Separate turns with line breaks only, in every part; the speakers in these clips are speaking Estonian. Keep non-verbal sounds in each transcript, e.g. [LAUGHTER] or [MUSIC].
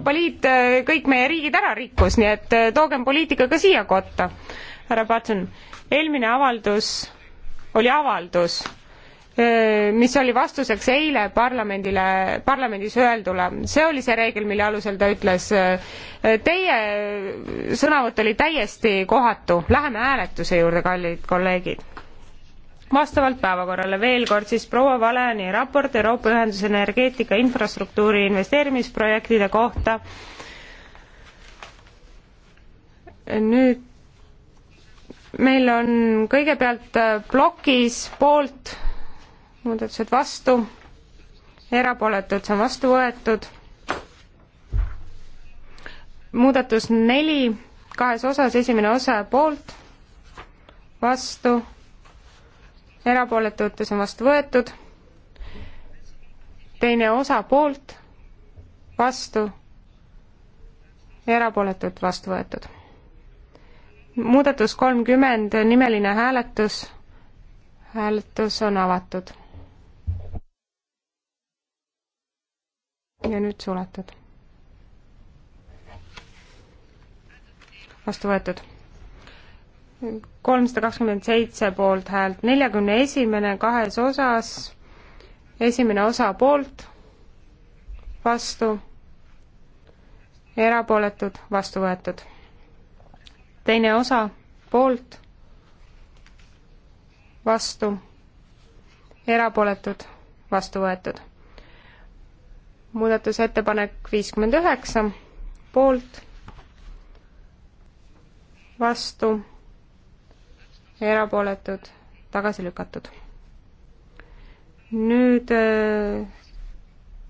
Euroopa Liit äh, kõik meie riigid ära rikkus, nii et äh, toogem poliitika ka siia kotta. härra Patson, eelmine avaldus oli avaldus, äh, mis oli vastuseks eile parlamendile, parlamendis öeldule. see oli see reegel, mille alusel ta ütles, teie sõnavõtt oli täiesti kohatu, läheme hääletuse juurde, kallid kolleegid vastavalt päevakorrale. veel kord siis proua Valeni raport Euroopa Ühenduse energeetika infrastruktuuri investeerimisprojektide kohta. nüüd meil on kõigepealt äh, plokis poolt muudatused vastu, erapooletud, see on vastu võetud. muudatus neli kahes osas, esimene osa poolt, vastu erapooletud, see on vastu võetud. teine osa poolt, vastu, erapooletud, vastu võetud. muudatus kolmkümmend, nimeline hääletus. hääletus on avatud. ja nüüd suletud. vastu võetud kolmsada kakskümmend seitse poolthäält, neljakümne esimene kahes osas, esimene osa poolt, vastu, erapooletud, vastu võetud. teine osa poolt, vastu, erapooletud, vastu võetud. muudatusettepanek viiskümmend üheksa, poolt, vastu erapooletud, tagasi lükatud. nüüd äh,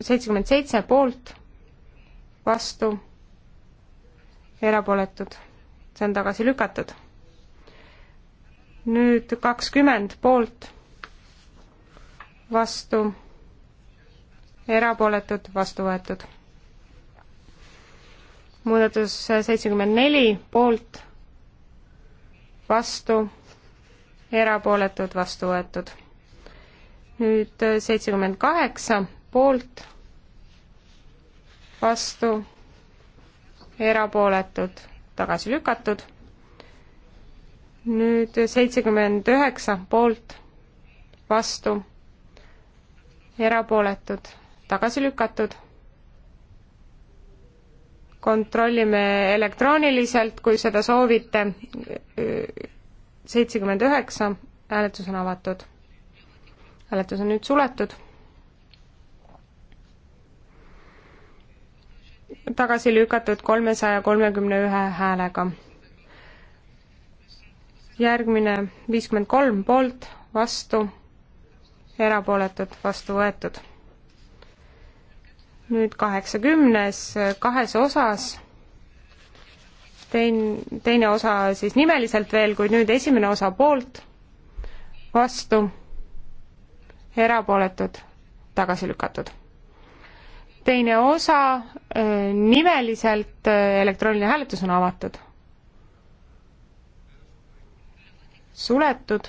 seitsekümmend seitse poolt, vastu, erapooletud, see on tagasi lükatud. nüüd kakskümmend poolt, vastu, erapooletud, vastu võetud. muudatus seitsekümmend neli poolt, vastu erapooletud, vastu võetud. nüüd seitsekümmend kaheksa poolt, vastu, erapooletud, tagasi lükatud. nüüd seitsekümmend üheksa poolt, vastu, erapooletud, tagasi lükatud. kontrollime elektrooniliselt, kui seda soovite seitsekümmend üheksa, hääletus on avatud. hääletus on nüüd suletud. tagasi lükatud kolmesaja kolmekümne ühe häälega. järgmine viiskümmend kolm poolt, vastu, erapooletud, vastu võetud. nüüd kaheksakümnes kahes osas tein-, teine osa siis nimeliselt veel, kuid nüüd esimene osa poolt, vastu, erapooletud, tagasi lükatud. teine osa äh, nimeliselt, äh, elektrooniline hääletus on avatud. suletud.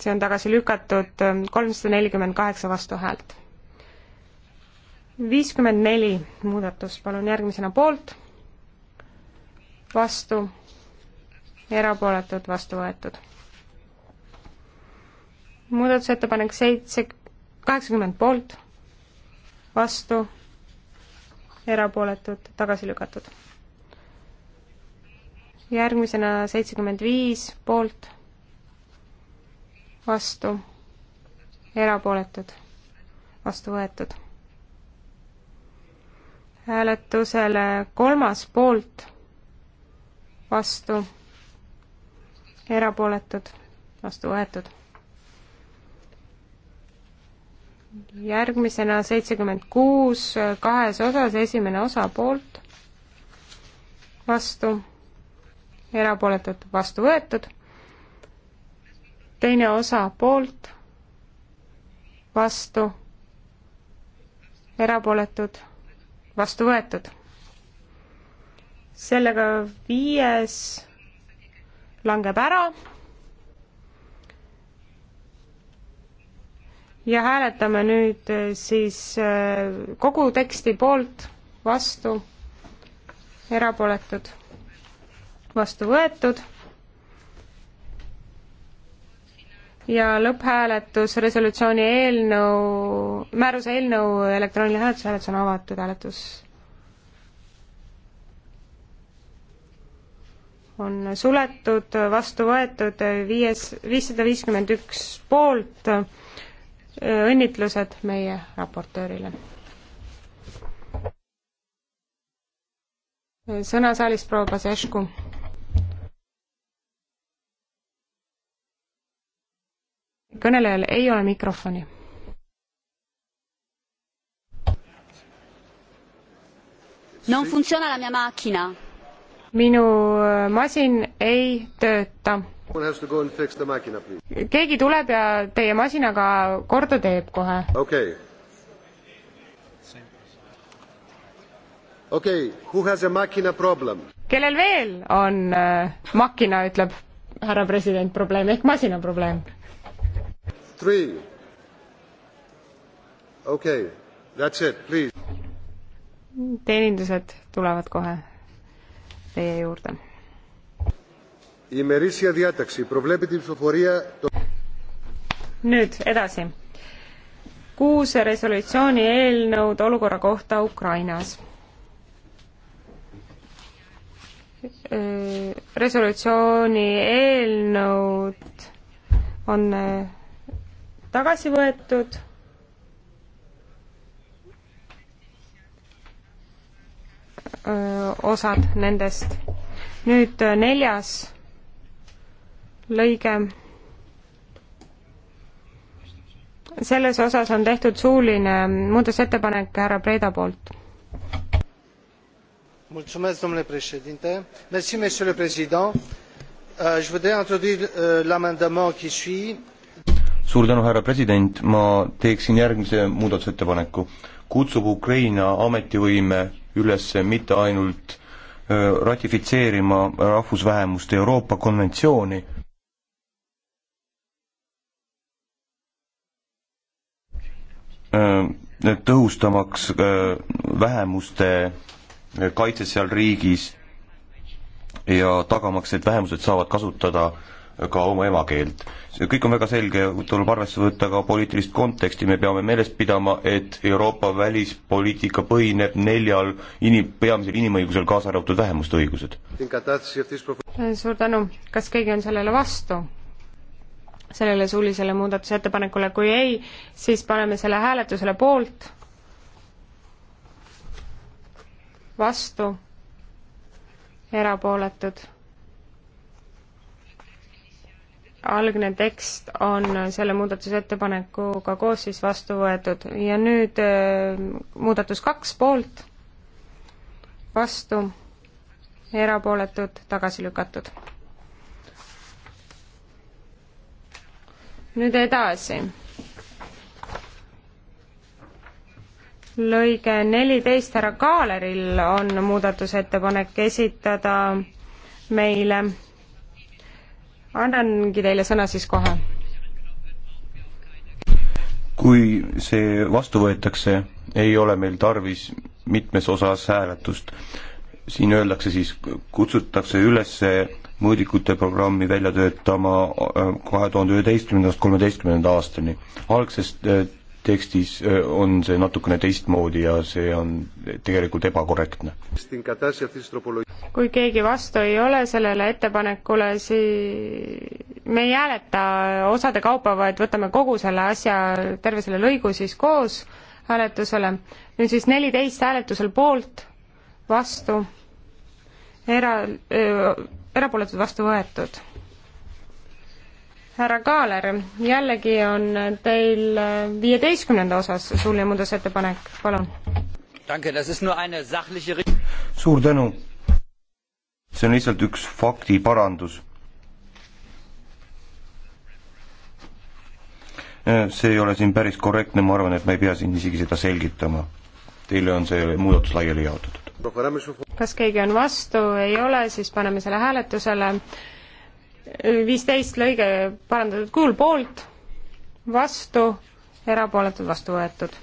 see on tagasi lükatud äh, kolmsada nelikümmend kaheksa vastuhäält viiskümmend neli muudatust, palun järgmisena poolt, vastu, erapooletud, vastu võetud. muudatusettepanek seitse, kaheksakümmend poolt, vastu, erapooletud, tagasi lükatud. järgmisena seitsekümmend viis poolt, vastu, erapooletud, vastu võetud hääletusele kolmas poolt, vastu, erapooletud, vastu võetud. järgmisena seitsekümmend kuus kahes osas, esimene osa poolt, vastu, erapooletud, vastu võetud, teine osa poolt, vastu, erapooletud vastu võetud. sellega viies langeb ära. ja hääletame nüüd äh, siis äh, kogu teksti poolt, vastu, erapooletud, vastu võetud ja lõpphääletus resolutsiooni eelnõu, määruse eelnõu elektrooniline hääletus, hääletus on avatud, hääletus on suletud, vastu võetud viies, viissada viiskümmend üks poolt, õnnitlused meie raportöörile. sõna saalist proua Pasešku. kõnelejal ei ole mikrofoni.
Non funziona la mia macchina.
minu äh, masin ei tööta. keegi tuleb ja teie masinaga korda teeb kohe.
okei okay.. okei okay,, who has a macchina problem?
kellel veel on äh, makina, ütleb härra president, probleem ehk masina probleem
three. okei okay., that's it, please.
teenindused tulevad kohe teie juurde. nüüd edasi. kuus resolutsiooni eelnõud olukorra kohta Ukrainas resolutsiooni eelnõud on tagasi võetud. osad nendest. nüüd neljas lõige. selles osas on tehtud suuline muudatusettepanek härra Preda poolt.
Mulțumesc, domnule președinte. Mersi, monsieur le président. Je voudrais introduire l'amendement qui suit
suur tänu, härra president, ma teeksin järgmise muudatusettepaneku. kutsub Ukraina ametivõime üles mitte ainult äh, ratifitseerima rahvusvähemuste Euroopa konventsiooni, äh, tõhustamaks äh, vähemuste kaitset seal riigis ja tagamaks, et vähemused saavad kasutada ka oma emakeelt. see kõik on väga selge, tuleb arvesse võtta ka poliitilist konteksti, me peame meeles pidama, et Euroopa välispoliitika põhineb neljal inim-, peamisel inimõigusel, kaasa arvatud vähemuste õigused.
suur tänu, kas keegi on sellele vastu? sellele suulisele muudatusettepanekule, kui ei, siis paneme selle hääletusele poolt, vastu, erapooletud algne tekst on selle muudatusettepanekuga koos siis vastu võetud ja nüüd äh, muudatus kaks poolt, vastu, erapooletud, tagasi lükatud. nüüd edasi. lõige neliteist härra Kaaleril on muudatusettepanek esitada meile annangi teile sõna siis kohe.
kui see vastu võetakse, ei ole meil tarvis mitmes osas hääletust. siin öeldakse siis, kutsutakse üles mõõdikute programmi välja töötama äh, kahe tuhande üheteistkümnendast kolmeteistkümnenda aastani. algsest äh, tekstis on see natukene teistmoodi ja see on tegelikult ebakorrektne.
kui keegi
vastu ei ole sellele ettepanekule, siis me ei hääleta osade kaupa, vaid võtame kogu selle asja, terve selle lõigu siis koos hääletusele. nüüd siis neliteist hääletusel poolt, vastu, era-, erapooletud vastu võetud härra Kaaler, jällegi on teil äh, viieteistkümnenda osas suuline muudatusettepanek, palun.
suur tänu. see on lihtsalt üks faktiparandus. Äh, see ei ole siin päris korrektne, ma arvan, et me ei pea siin isegi seda selgitama. Teile on see muudatus laiali
jaotatud.
kas keegi on vastu, ei ole, siis paneme selle hääletusele viisteist lõige parandatud kujul poolt, vastu, erapooletud, vastu võetud.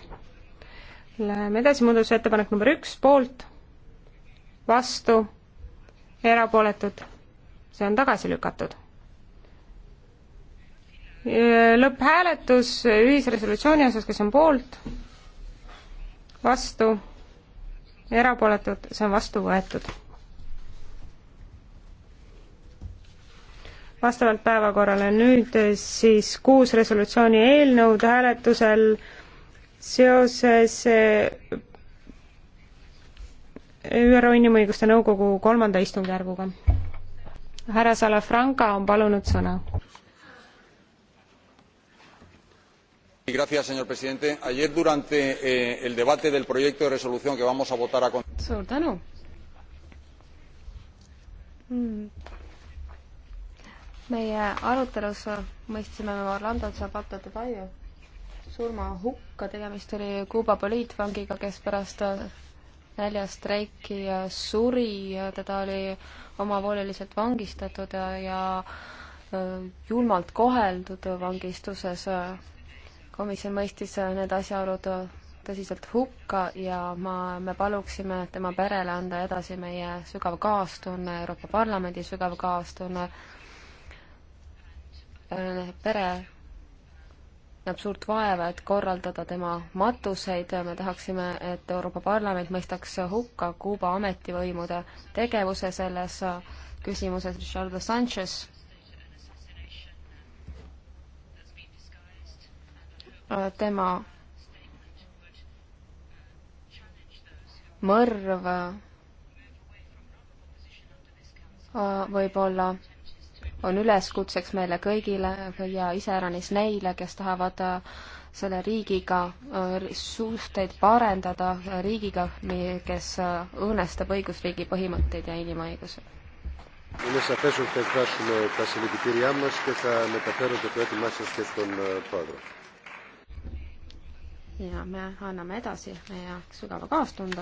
Läheme edasi, muudatusettepanek number üks, poolt, vastu, erapooletud, see on tagasi lükatud. lõpphääletus ühisresolutsiooni osas, kes on poolt, vastu, erapooletud, see on vastu võetud vastavalt päevakorrale. nüüd eh, siis kuus resolutsiooni eelnõud hääletusel seoses eh, ÜRO Inimõiguste Nõukogu kolmanda istungjärguga. härra Salafranca on palunud sõna.
señor presidente ayer durante eh, el debate del proyecto de resolución que vamos a votar a
continuación meie arutelus mõistsime me Orlando Zapata de Valle surma hukka, tegemist oli Kuuba poliitvangiga, kes pärast näljastreiki suri, teda oli omavoliliselt vangistatud ja, ja julmalt koheldud vangistuses. komisjon mõistis need asjaolud tõsiselt hukka ja ma, me paluksime tema perele anda edasi meie sügav kaastunne, Euroopa Parlamendi sügav kaastunne pere näeb suurt vaeva, et korraldada tema matuseid, me tahaksime, et Euroopa Parlament mõistaks hukka Kuuba ametivõimude tegevuse selles küsimuses, Richard Sanchez tema mõrv äh, võib olla on üleskutseks meile kõigile ja iseäranis neile, kes tahavad äh, selle riigiga äh, suhteid parendada, äh, riigiga, kes õõnestab õigusriigi põhimõtteid ja inimõigusi.
Είναι σαφές ότι θα εκφράσουμε τα συλληπιτήριά μας και θα μεταφέρετε το έτοιμά σας και στον Πρόεδρο.
Ja me anname edasi meie sügava kaastunde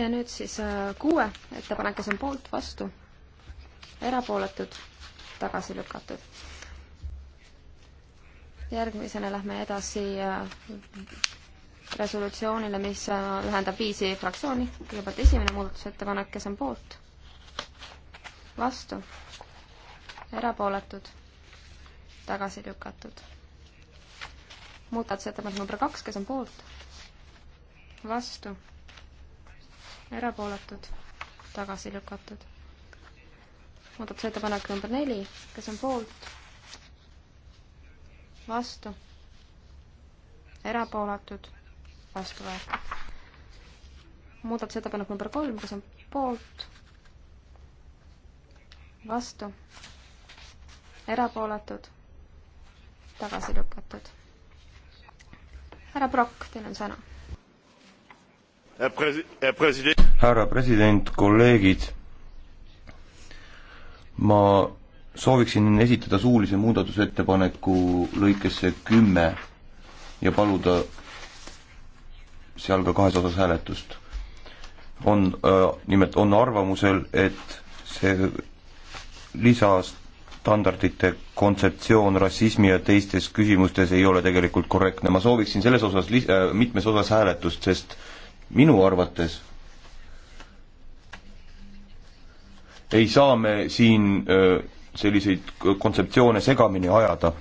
ja nüüd siis äh, kuue ettepanek, kes on poolt, vastu, erapooletud, tagasi lükatud. järgmisena lähme edasi äh, resolutsioonile, mis äh, ühendab viisi fraktsiooni. kõigepealt esimene muudatusettepanek, kes on poolt, vastu, erapooletud, tagasi lükatud. muudatusettepanek number kaks, kes on poolt, vastu erapooletud, tagasi lükatud. muudatusettepanek number neli, kes on poolt? vastu, erapooletud, vastu võetud. muudatusettepanek number kolm, kes on poolt? vastu, erapooletud, tagasi lükatud. härra Prokk, teil on sõna
härra president, kolleegid, ma sooviksin esitada suulise muudatusettepaneku lõikesse kümme ja paluda seal ka kahes osas hääletust. on äh,, nimelt on arvamusel, et see lisastandardite kontseptsioon rassismi ja teistes küsimustes ei ole tegelikult korrektne, ma sooviksin selles osas lis- äh,, mitmes osas hääletust, sest minu arvates ei saa me siin selliseid kontseptsioone segamini ajada.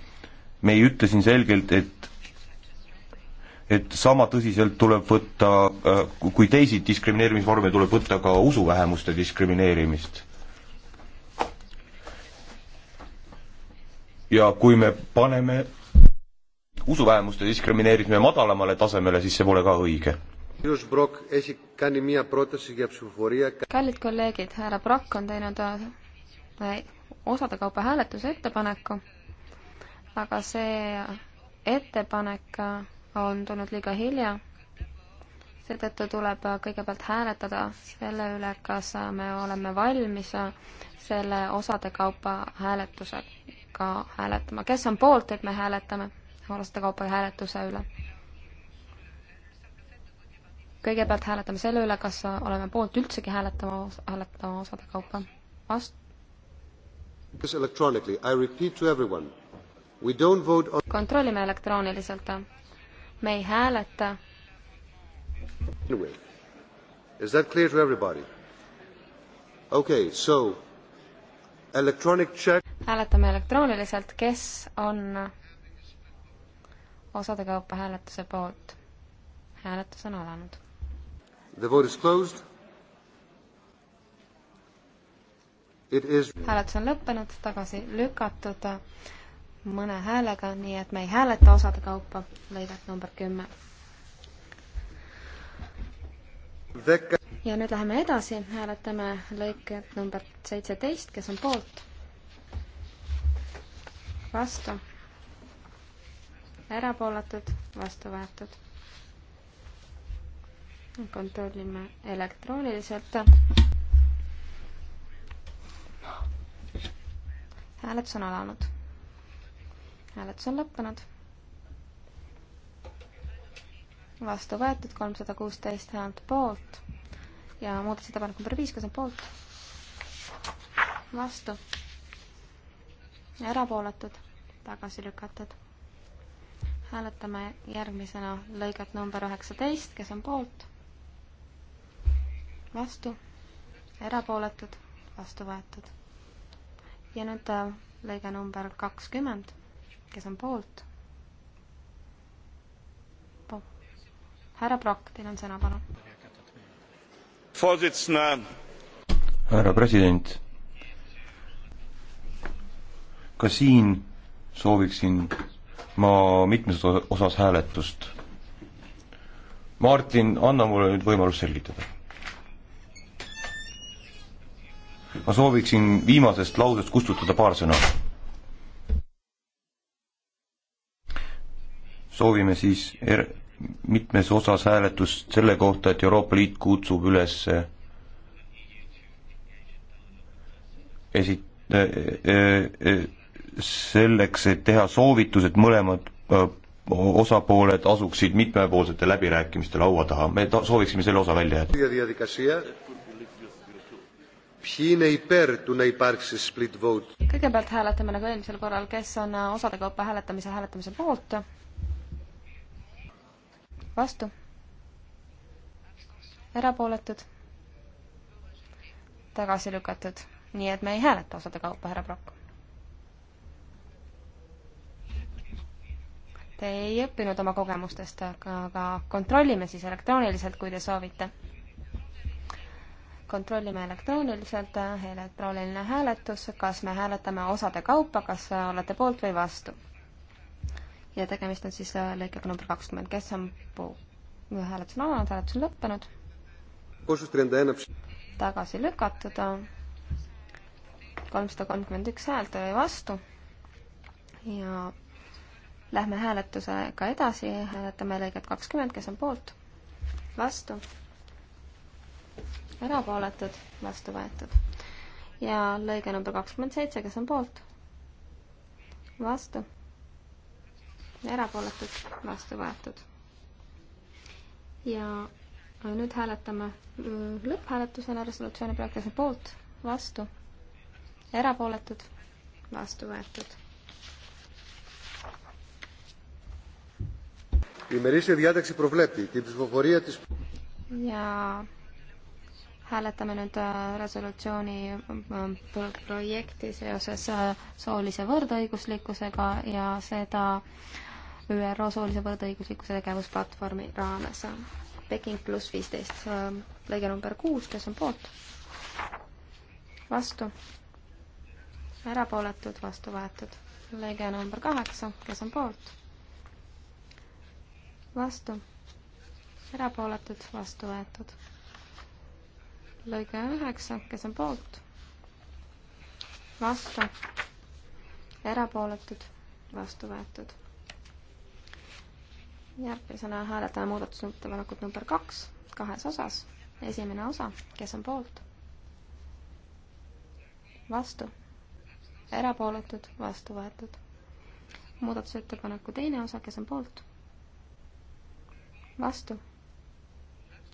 me ei ütle siin selgelt, et et sama tõsiselt tuleb võtta, kui teisi diskrimineerimisvorme, tuleb võtta ka usuvähemuste diskrimineerimist. ja kui me paneme usuvähemuste diskrimineerimine madalamale tasemele, siis see pole ka
õige
kallid kolleegid, härra Brock on teinud äh, osade kaupa hääletuse ettepaneku, aga see ettepanek on tulnud liiga hilja. seetõttu tuleb kõigepealt hääletada selle üle, kas me oleme valmis selle osade kaupa hääletusega hääletama. kes on poolt, et me hääletame osade kaupa hääletuse üle? kõigepealt hääletame selle üle, kas oleme poolt üldsegi hääletama, hääletama osade kaupa. vast-. On... kontrollime elektrooniliselt. me ei hääleta.
Anyway, is that clear to everybody? Okay, so electronic check.
hääletame elektrooniliselt, kes on osade kaupa hääletuse poolt. hääletus on alanud
The vote is closed. Is... hääletus
on lõppenud, tagasi lükatud mõne häälega, nii et me ei hääleta osade kaupa lõiget number kümme. ja nüüd läheme edasi, hääletame lõiket number seitseteist, kes on poolt? vastu? erapooletud, vastu võetud kontrollime elektrooniliselt. hääletus on alanud. hääletus on lõppenud. vastu võetud kolmsada kuusteist häält poolt ja muudatusettepanek number viis, kes on poolt? vastu. erapooletud, tagasi lükatud. hääletame järgmisena lõiget number üheksateist, kes on poolt vastu, erapooletud, vastu võetud. ja nüüd äh, lõige number kakskümmend, kes on poolt. härra Prokk, teil on sõna, palun.
härra president, ka siin sooviksin ma mitmes osas hääletust. Martin, anna mulle nüüd võimalus selgitada ma sooviksin viimasest lausest kustutada paar sõna. soovime siis er-, mitmes osas hääletust selle kohta, et Euroopa Liit kutsub üles eh, esi-, eh, eh, selleks, et teha soovitused, mõlemad osapooled asuksid mitmepoolsete läbirääkimiste
laua taha, me ta-, sooviksime selle osa välja jätta
kõigepealt hääletame nagu eelmisel korral, kes on äh, osade kaupa hääletamise hääletamise poolt. vastu. erapooletud. tagasi lükatud, nii et me ei hääleta osade kaupa, härra Prokk. Te ei õppinud oma kogemustest, aga kontrollime siis elektrooniliselt, kui te soovite kontrollime elektrooniliselt, elektrooniline hääletus, kas me hääletame osade kaupa, kas olete poolt või vastu. ja tegemist on siis äh, lõikega number kakskümmend, kes on puu-, hääletus on alanud, hääletus on lõppenud, tagasi lükatud, kolmsada kolmkümmend üks häält oli vastu ja lähme hääletusega edasi, hääletame lõiget kakskümmend, kes on poolt, vastu erapooletud, vastu võetud. ja lõige number kakskümmend seitse, kes on poolt? vastu. erapooletud, vastu võetud. ja nüüd hääletame mm, lõpphääletusena resolutsiooni projekti, kes on poolt, vastu, erapooletud, vastu võetud
Η ημερήσια διάταξη προβλέπει την ψηφοφορία της...
Για hääletame nüüd äh, resolutsiooni äh, projekti seoses äh, soolise võrdõiguslikkusega ja seda ÜRO soolise võrdõiguslikkuse tegevusplatvormi raames. Peking pluss viisteist, lõige number kuus, kes on poolt? vastu? erapooletud, vastu võetud. lõige number kaheksa, kes on poolt? vastu? erapooletud, vastu võetud lõige üheksa, kes on poolt, vastu, erapooletud, vastu võetud. järgmisena hääletame muudatusettepanekut number kaks kahes osas. esimene osa, kes on poolt, vastu, erapooletud, vastu võetud. muudatusettepaneku teine osa, kes on poolt, vastu,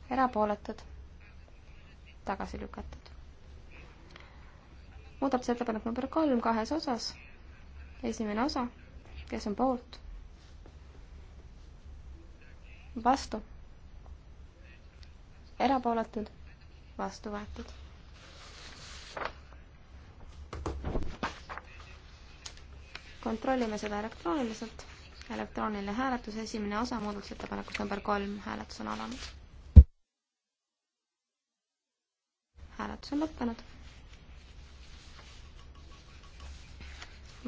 erapooletud tagasi lükatud. muudatusettepanek number kolm kahes osas. esimene osa, kes on poolt? vastu. erapooletud, vastu võetud. kontrollime seda elektrooniliselt. elektrooniline hääletus, esimene osa muudatusettepanekust number kolm, hääletus on alanud hääletus on lõppenud.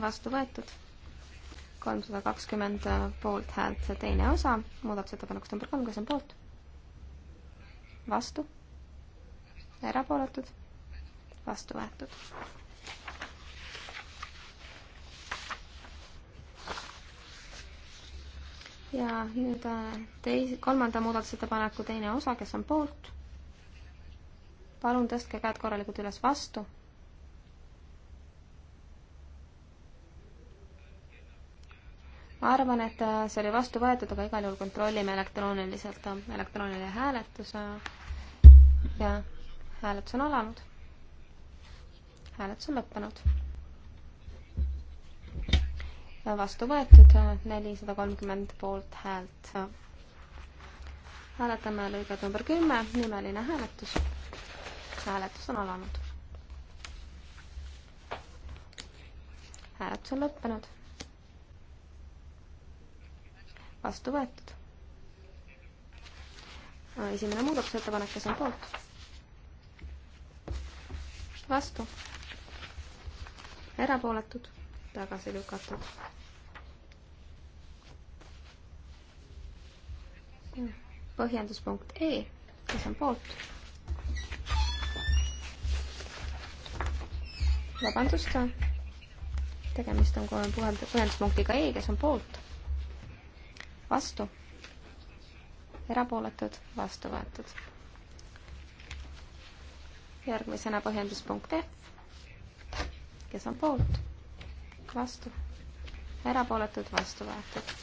vastu võetud kolmsada kakskümmend poolthäält, teine osa muudatusettepanekust number kolm, kes on poolt? vastu? erapooletud? vastu võetud. ja nüüd äh, teise, kolmanda muudatusettepaneku teine osa, kes on poolt? palun tõstke käed korralikult üles vastu. ma arvan, et äh, see oli vastu võetud, aga igal juhul kontrollime elektrooniliselt, äh, elektrooniline hääletus äh, ja hääletus on alanud. hääletus on lõppenud vastu võetud, nelisada kolmkümmend poolt häält. hääletame lõiget number kümme, nimeline hääletus hääletus on alanud. hääletus on lõppenud. vastu võetud. esimene muudatusettepanek, kes on poolt? vastu. erapooletud, tagasi lükatud. põhjenduspunkt E, kes on poolt? vabandust, tegemist on põhjenduspunktiga E, kes on poolt, vastu, erapooletud, vastu võetud. järgmisena põhjenduspunkt F, kes on poolt, vastu, erapooletud, vastu võetud.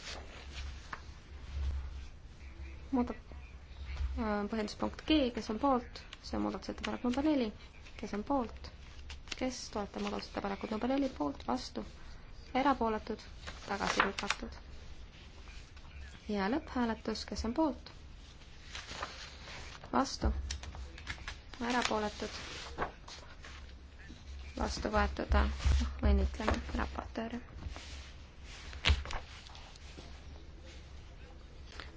muudab põhjenduspunkt G, kes on poolt, see on muudatusettepanek number neli, kes on poolt kes toetab muudatusettepanekut number neli poolt, vastu, erapooletud, tagasi lükatud. ja lõpphääletus, kes on poolt, vastu, erapooletud, vastu võetud, õnnitleme raportööri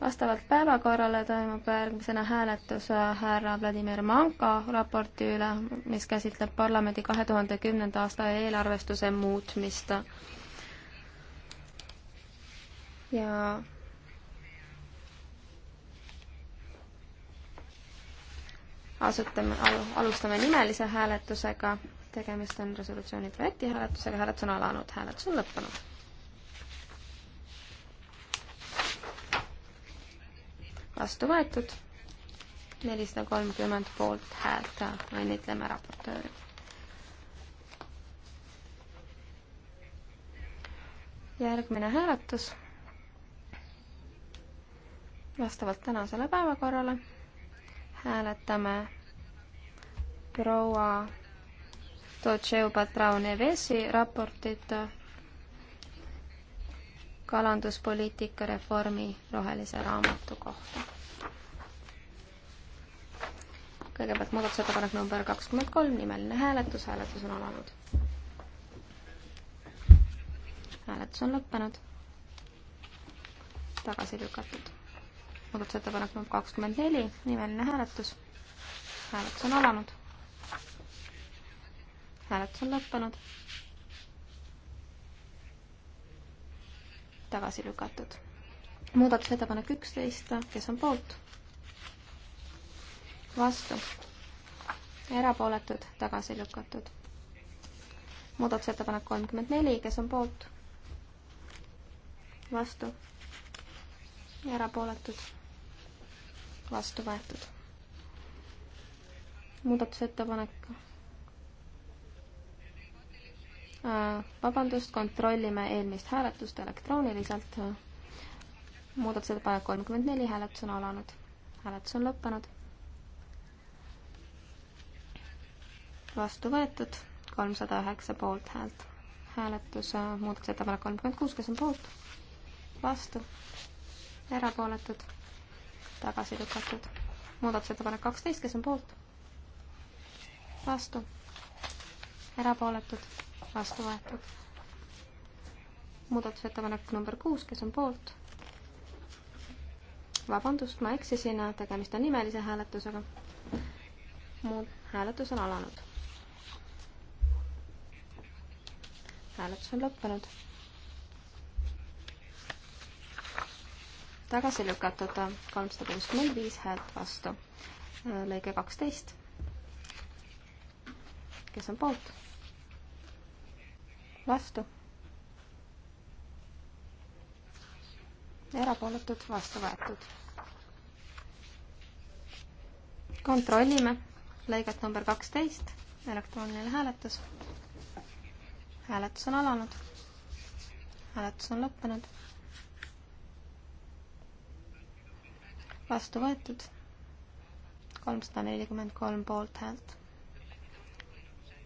vastavalt päevakorrale toimub järgmisena hääletus äh, härra Vladimir Manka raporti üle, mis käsitleb parlamendi kahe tuhande kümnenda aasta eelarvestuse muutmist. ja asutame, alustame nimelise hääletusega, tegemist on resolutsiooni projekti hääletusega, hääletus on alanud, hääletus on lõppenud vastu võetud, nelisada kolmkümmend poolt häält, õnnitleme raportööri. järgmine hääletus vastavalt tänasele päevakorrale hääletame proua Totšeu Patraune Vesi raportit kalanduspoliitika reformi rohelise raamatu kohta. kõigepealt muudatusettepanek number kakskümmend kolm, nimeline hääletus, hääletus on alanud. hääletus on lõppenud. tagasi lükatud. muudatusettepanek number kakskümmend neli, nimeline hääletus, hääletus on alanud. hääletus on lõppenud tagasi lükatud. muudatusettepanek üksteist, kes on poolt? vastu. erapooletud, tagasi lükatud. muudatusettepanek kolmkümmend neli, kes on poolt? vastu. erapooletud, vastu võetud. muudatusettepanek Äh, vabandust, kontrollime eelmist hääletust elektrooniliselt. muudatusettepanek kolmkümmend neli, hääletus on alanud. hääletus on lõppenud. vastu võetud kolmsada üheksa poolthäält. hääletus, äh, muudatusettepanek kolmkümmend kuus, kes on poolt? vastu? erapooletud? tagasi lükatud? muudatusettepanek kaksteist, kes on poolt? vastu? erapooletud? vastu võetud. muudatusettepanek number kuus, kes on poolt? vabandust, ma eksisin, tegemist on nimelise hääletusega. mu hääletus on alanud. hääletus on lõppenud. tagasi lükatud kolmsada kuuskümmend viis häält vastu. lõige kaksteist. kes on poolt? vastu. erapooletud, vastu võetud. kontrollime lõiget number kaksteist, elektrooniline hääletus. hääletus on alanud. hääletus on lõppenud. vastu võetud kolmsada nelikümmend kolm poolthäält.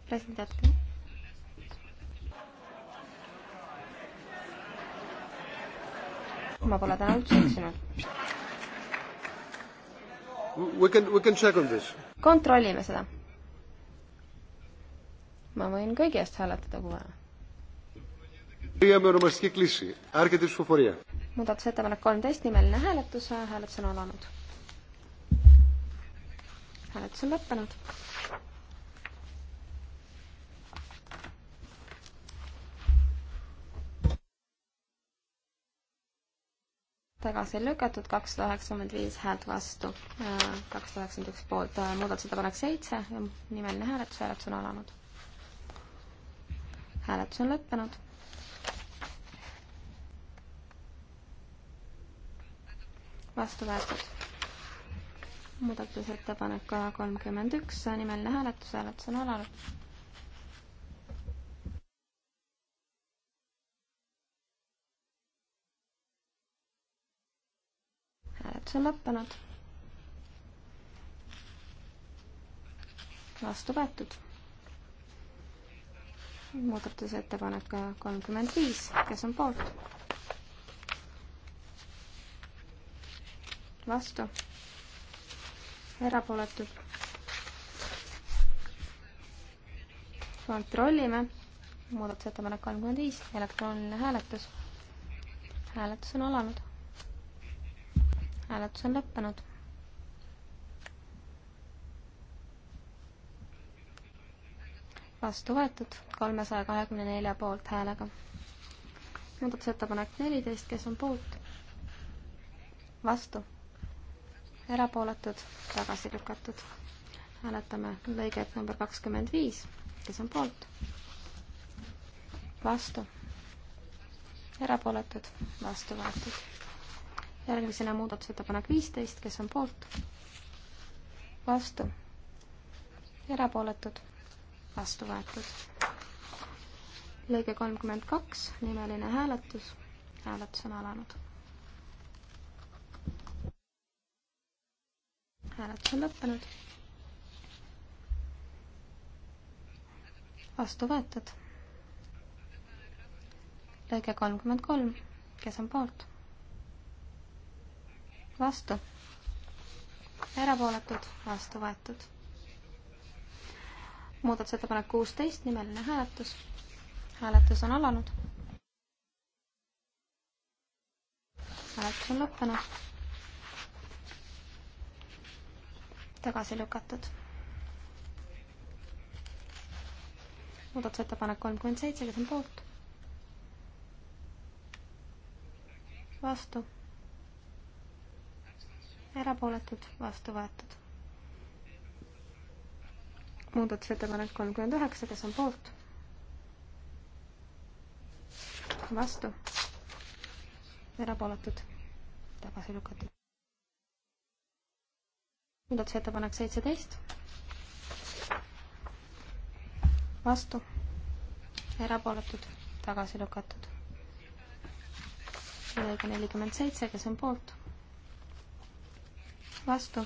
president jätkab
ma pole täna üldse eksinud.
kontrollime seda. ma võin kõigi eest hääletada, kui vaja. muudatusettepanek kolmteist, nimeline hääletus, hääletus on alanud. hääletus on lõppenud tagasi lükatud, kakssada üheksakümmend viis häält vastu, kakssada üheksakümmend üks poolt, muudatusettepanek seitse, nimeline hääletus, hääletus on alanud. hääletus on lõppenud. vastu võetud. muudatusettepanek kolmkümmend üks, nimeline hääletus, hääletus on alanud hääletus on lõppenud. vastu võetud. muudatusettepanek kolmkümmend viis, kes on poolt? vastu. erapooletud. kontrollime. muudatusettepanek kolmkümmend viis, elektrooniline hääletus. hääletus on alanud hääletus on lõppenud. vastu võetud kolmesaja kahekümne nelja poolthäälega. muudatusettepanek neliteist, kes on poolt? vastu? erapooletud? tagasi lükatud? hääletame lõiget number kakskümmend viis, kes on poolt? vastu? erapooletud? vastu võetud? järgmisena muudatusettepanek viisteist, kes on poolt? vastu. erapooletud? vastu võetud. lõige kolmkümmend kaks, nimeline hääletus. hääletus on alanud. hääletus on lõppenud. vastu võetud. lõige kolmkümmend kolm, kes on poolt? vastu, erapooletud, vastu võetud. muudatusettepanek kuusteist, nimeline hääletus. hääletus on alanud. hääletus on lõppenud. tagasi lükatud muudatusettepanek kolmkümmend seitse, kes on poolt? vastu erapooletud, vastu võetud. muudatusettepanek kolmkümmend üheksa, kes on poolt? vastu, erapooletud, tagasi lükatud. muudatusettepanek seitseteist, vastu, erapooletud, tagasi lükatud. lõige nelikümmend seitse, kes on poolt? vastu,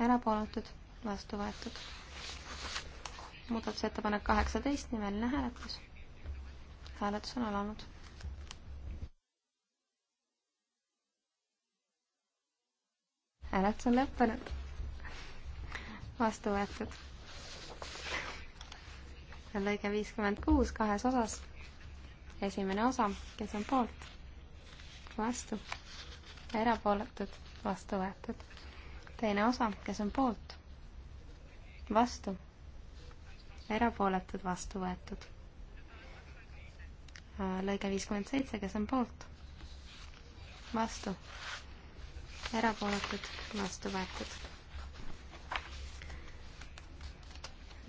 erapooletud, vastu võetud. muudatusettepanek kaheksateist, nimeline hääletus. hääletus on alanud. hääletus on lõppenud. vastu võetud. lõige viiskümmend kuus kahes osas. esimene osa, kes on poolt, vastu, erapooletud vastu võetud. teine osa, kes on poolt, vastu, erapooletud, vastu võetud. Äh, lõige viiskümmend seitse, kes on poolt, vastu, erapooletud, vastu võetud.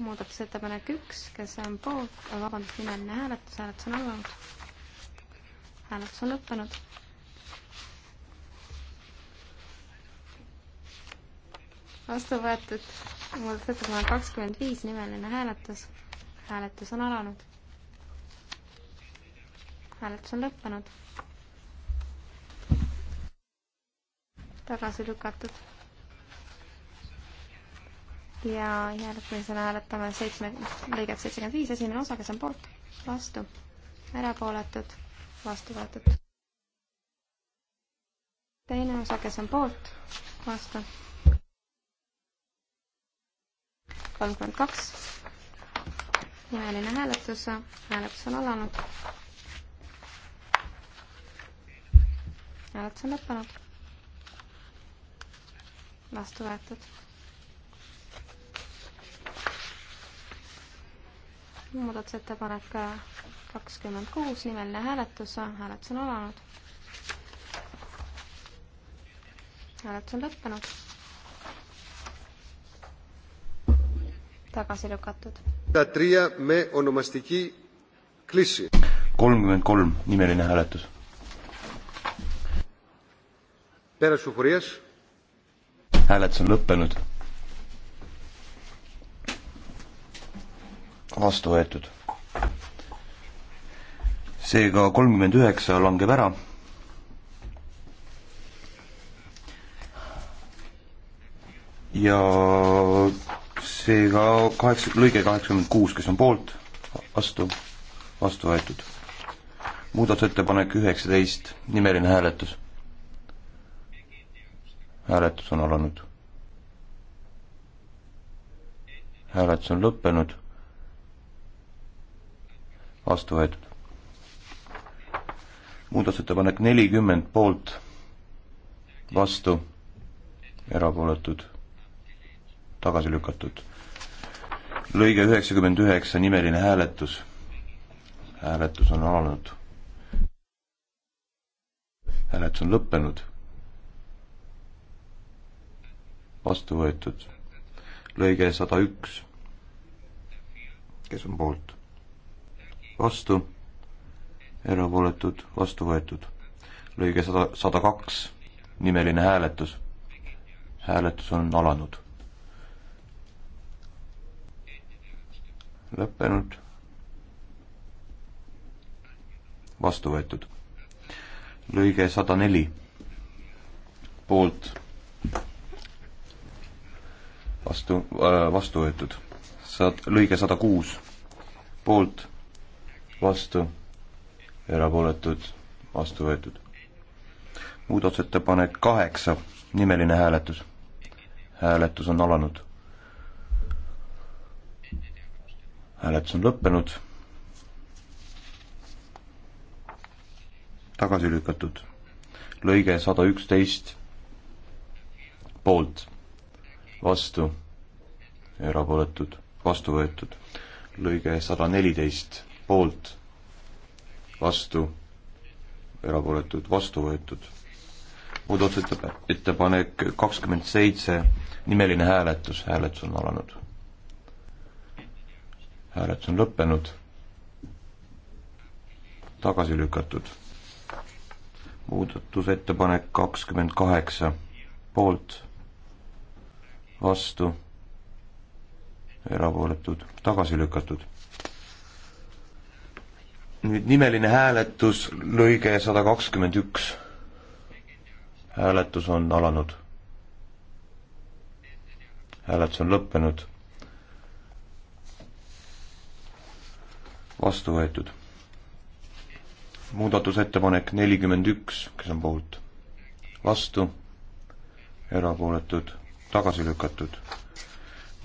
muudatusettepanek üks, kes on poolt, äh, vabandust, nimeline hääletus, hääletus on alanud, hääletus on lõppenud vastu võetud muudatusettepanek kakskümmend viis, nimeline hääletus. hääletus on alanud. hääletus on lõppenud. tagasi lükatud. ja järgmisena hääletame seitsme, lõiget seitsekümmend viis, esimene osa, kes on poolt, vastu, erapooletud, vastu võetud. teine osa, kes on poolt, vastu kolmkümmend kaks. nimeline hääletus, hääletus on alanud. hääletus on lõppenud. vastu võetud. muudatusettepanek kakskümmend kuus, nimeline hääletus, hääletus on alanud. hääletus on lõppenud tagasi lükatud.
kolmkümmend kolm nimeline hääletus. hääletus on lõppenud. vastu võetud. seega kolmkümmend üheksa langeb ära ja seega kaheksa, lõige kaheksakümmend kuus, kes on poolt, vastu, vastu võetud. muudatusettepanek üheksateist, nimeline hääletus. hääletus on alanud. hääletus on lõppenud. vastu võetud. muudatusettepanek nelikümmend poolt, vastu, erapooletud, tagasi lükatud lõige üheksakümmend üheksa nimeline hääletus. hääletus on alanud. hääletus on lõppenud. vastu võetud. lõige sada üks. kes on poolt? vastu. erapooletud, vastu võetud. lõige sada, sada kaks nimeline hääletus. hääletus on alanud. lõppenud, vastu võetud. lõige sada neli, poolt, vastu äh,, vastu võetud. Sad-, lõige sada kuus, poolt, vastu, erapooletud, vastu võetud. muudatusettepanek kaheksa, nimeline hääletus. hääletus on alanud hääletus on lõppenud. tagasi lükatud. lõige sada üksteist poolt, vastu, erapooletud, vastu võetud. lõige sada neliteist poolt, vastu, erapooletud, vastu võetud. muudatusettepanek kakskümmend seitse, nimeline hääletus, hääletus on alanud hääletus on lõppenud, tagasi lükatud. muudatusettepanek kakskümmend kaheksa, poolt, vastu, erapooletud, tagasi lükatud. nüüd nimeline hääletus, lõige sada kakskümmend üks. hääletus on alanud hääletus on lõppenud. vastu võetud. muudatusettepanek nelikümmend üks, kes on poolt, vastu, erapooletud, tagasi lükatud.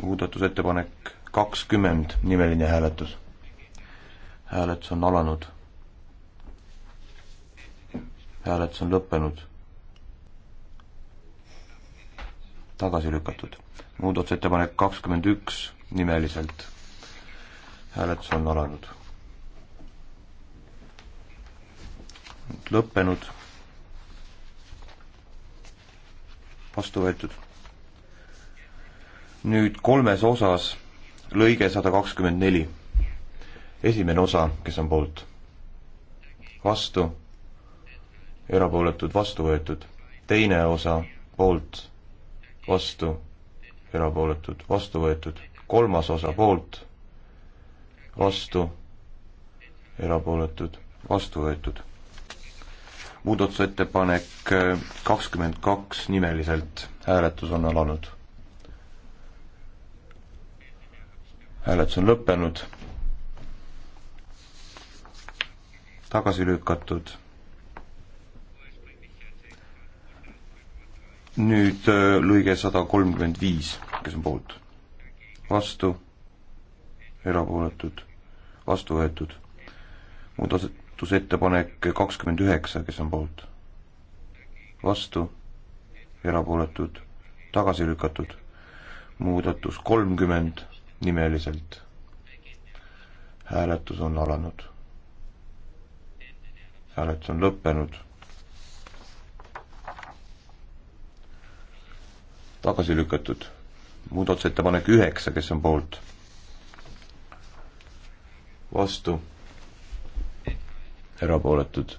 muudatusettepanek kakskümmend, nimeline hääletus. hääletus on alanud. hääletus on lõppenud. tagasi lükatud. muudatusettepanek kakskümmend üks nimeliselt. hääletus on alanud lõppenud. vastu võetud. nüüd kolmes osas lõige sada kakskümmend neli. esimene osa, kes on poolt? vastu, erapooletud, vastu võetud. teine osa, poolt, vastu, erapooletud, vastu võetud. kolmas osa, poolt, vastu, erapooletud, vastu võetud muudatusettepanek äh, kakskümmend kaks nimeliselt, hääletus on alanud. hääletus on lõppenud. tagasi lükatud. nüüd äh, lõige sada kolmkümmend viis, kes on poolt? vastu, erapooletud, vastu võetud. muudatus muudatusettepanek kakskümmend üheksa, kes on poolt? vastu, erapooletud, tagasi lükatud. muudatus kolmkümmend nimeliselt. hääletus on alanud. hääletus on lõppenud. tagasi lükatud. muudatusettepanek üheksa, kes on poolt? vastu erapooletud.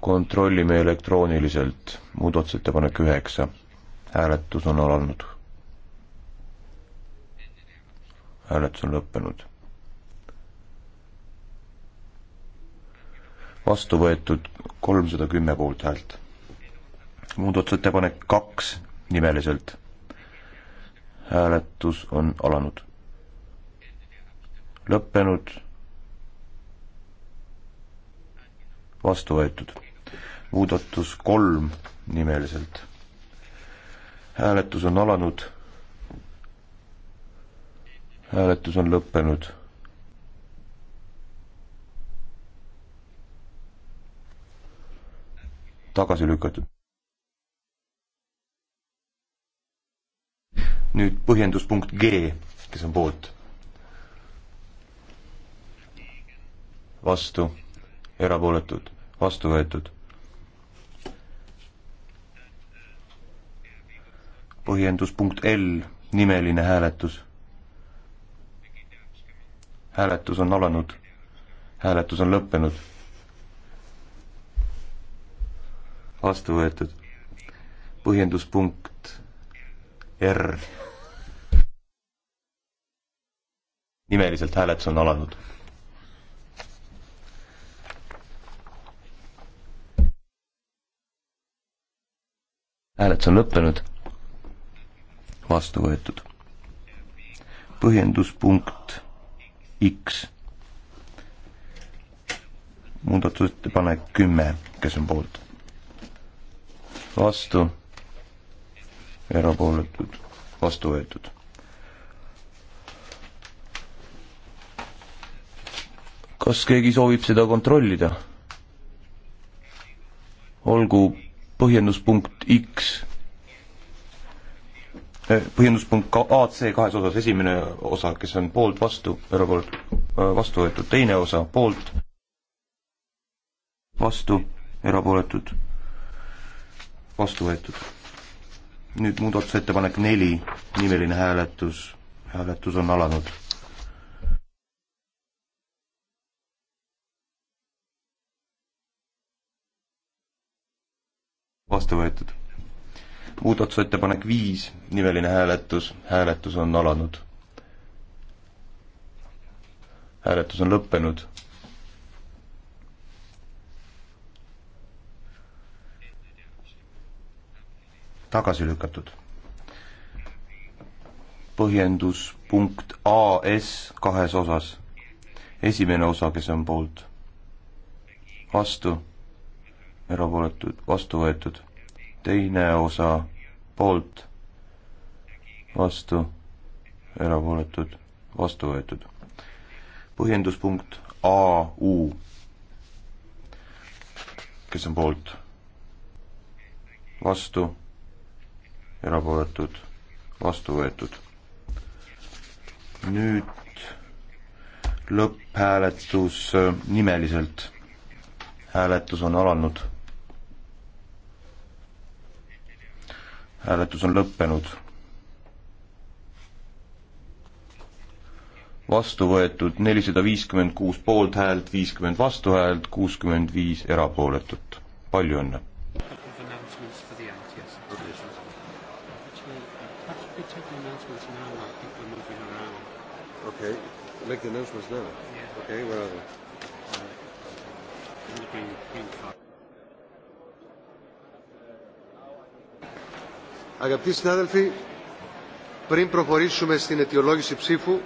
kontrollime elektrooniliselt muudatusettepanek üheksa. hääletus on alanud. hääletus on lõppenud. vastu võetud kolmsada kümme poolthäält. muudatusettepanek kaks nimeliselt. hääletus on alanud. lõppenud vastu võetud. muudatus kolm nimeliselt. hääletus on alanud. hääletus on lõppenud. tagasi lükatud. nüüd põhjenduspunkt G, kes on poolt? vastu erapooletud, vastu võetud. põhjendus punkt L, nimeline hääletus. hääletus on alanud, hääletus on lõppenud. vastu võetud. põhjenduspunkt R nimeliselt hääletus on alanud. hääletus on lõppenud, vastu võetud. põhjenduspunkt X. muudatusettepanek kümme, kes on poolt? vastu, erapooletud, vastu võetud kas keegi soovib seda kontrollida? olgu, põhjenduspunkt X, eh, põhjenduspunkt AC kahes osas, esimene osa, kes on poolt vastu, erapoolt eh, vastu võetud, teine osa poolt vastu, erapooletud vastu võetud. nüüd muudatusettepanek neli, nimeline hääletus, hääletus on alanud vastu võetud. muudatusettepanek viis, nimeline hääletus, hääletus on alanud. hääletus on lõppenud. tagasi lükatud. põhjendus punkt AS kahes osas. esimene osa, kes on poolt, vastu erapooletud, vastu võetud. teine osa poolt, vastu, erapooletud, vastu võetud. põhjenduspunkt A, U. kes on poolt? vastu, erapooletud, vastu võetud. nüüd lõpphääletus nimeliselt. hääletus on alanud hääletus on lõppenud. vastu võetud nelisada viiskümmend kuus poolthäält, viiskümmend vastuhäält, kuuskümmend viis erapooletut. palju õnne!
Okay, make the announcements now. Yeah. Okay, where are they? Uh, in the green, green file. Αγαπητοί συνάδελφοι, πριν προχωρήσουμε στην αιτιολόγηση ψήφου,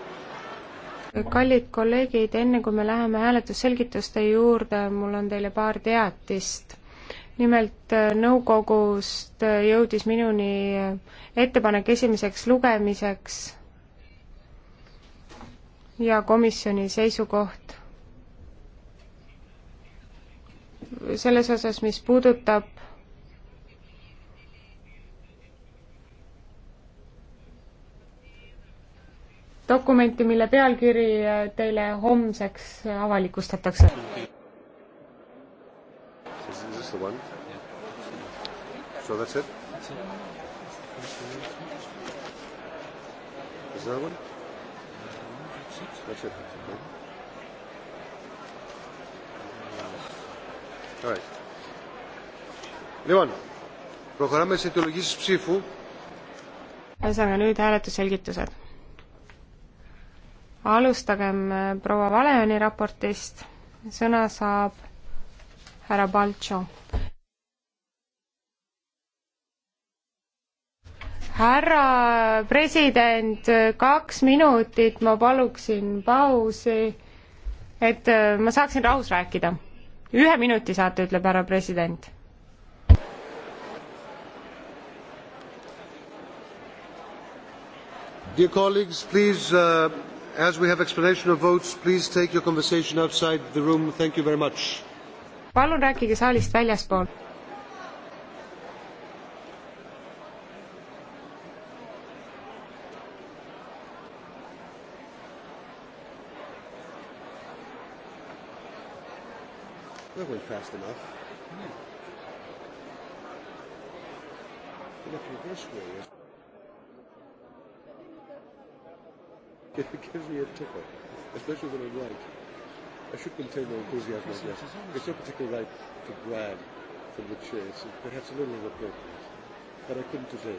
kallid kolleegid, enne kui me läheme hääletusselgituste juurde, mul on teile paar teatist. nimelt äh, nõukogust äh, jõudis minuni äh, ettepanek esimeseks lugemiseks ja komisjoni seisukoht selles osas, mis puudutab dokumenti, mille pealkiri äh, teile homseks äh, avalikustatakse.
So that's it? Is that one? That's it. All right. Λοιπόν, προχωράμε σε αιτιολογήσεις ψήφου.
Ühesõnaga nüüd hääletusselgitused alustagem äh, proua Valeoni raportist, sõna saab härra Baltšo. härra president, kaks minutit, ma paluksin pausi, et äh, ma saaksin rahus rääkida. ühe minuti saate, ütleb härra president
dear colleagues please uh, as we have explanation of votes, please take your conversation outside the room. Thank you very much.
palun rääkige saalist väljaspool.
That went fast enough. Hmm. Look, reverse way. [LAUGHS] It gives me a tickle, especially when I'm right. I should contain my enthusiasm, I guess. It's not particularly right to brag from the chair. It's perhaps a little inappropriate. But I couldn't today.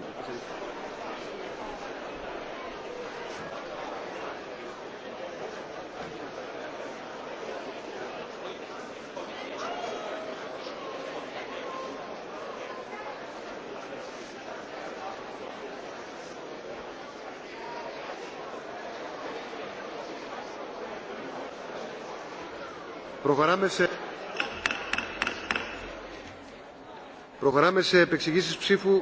Προχωράμε σε... Προχωράμε σε επεξηγήσεις ψήφου...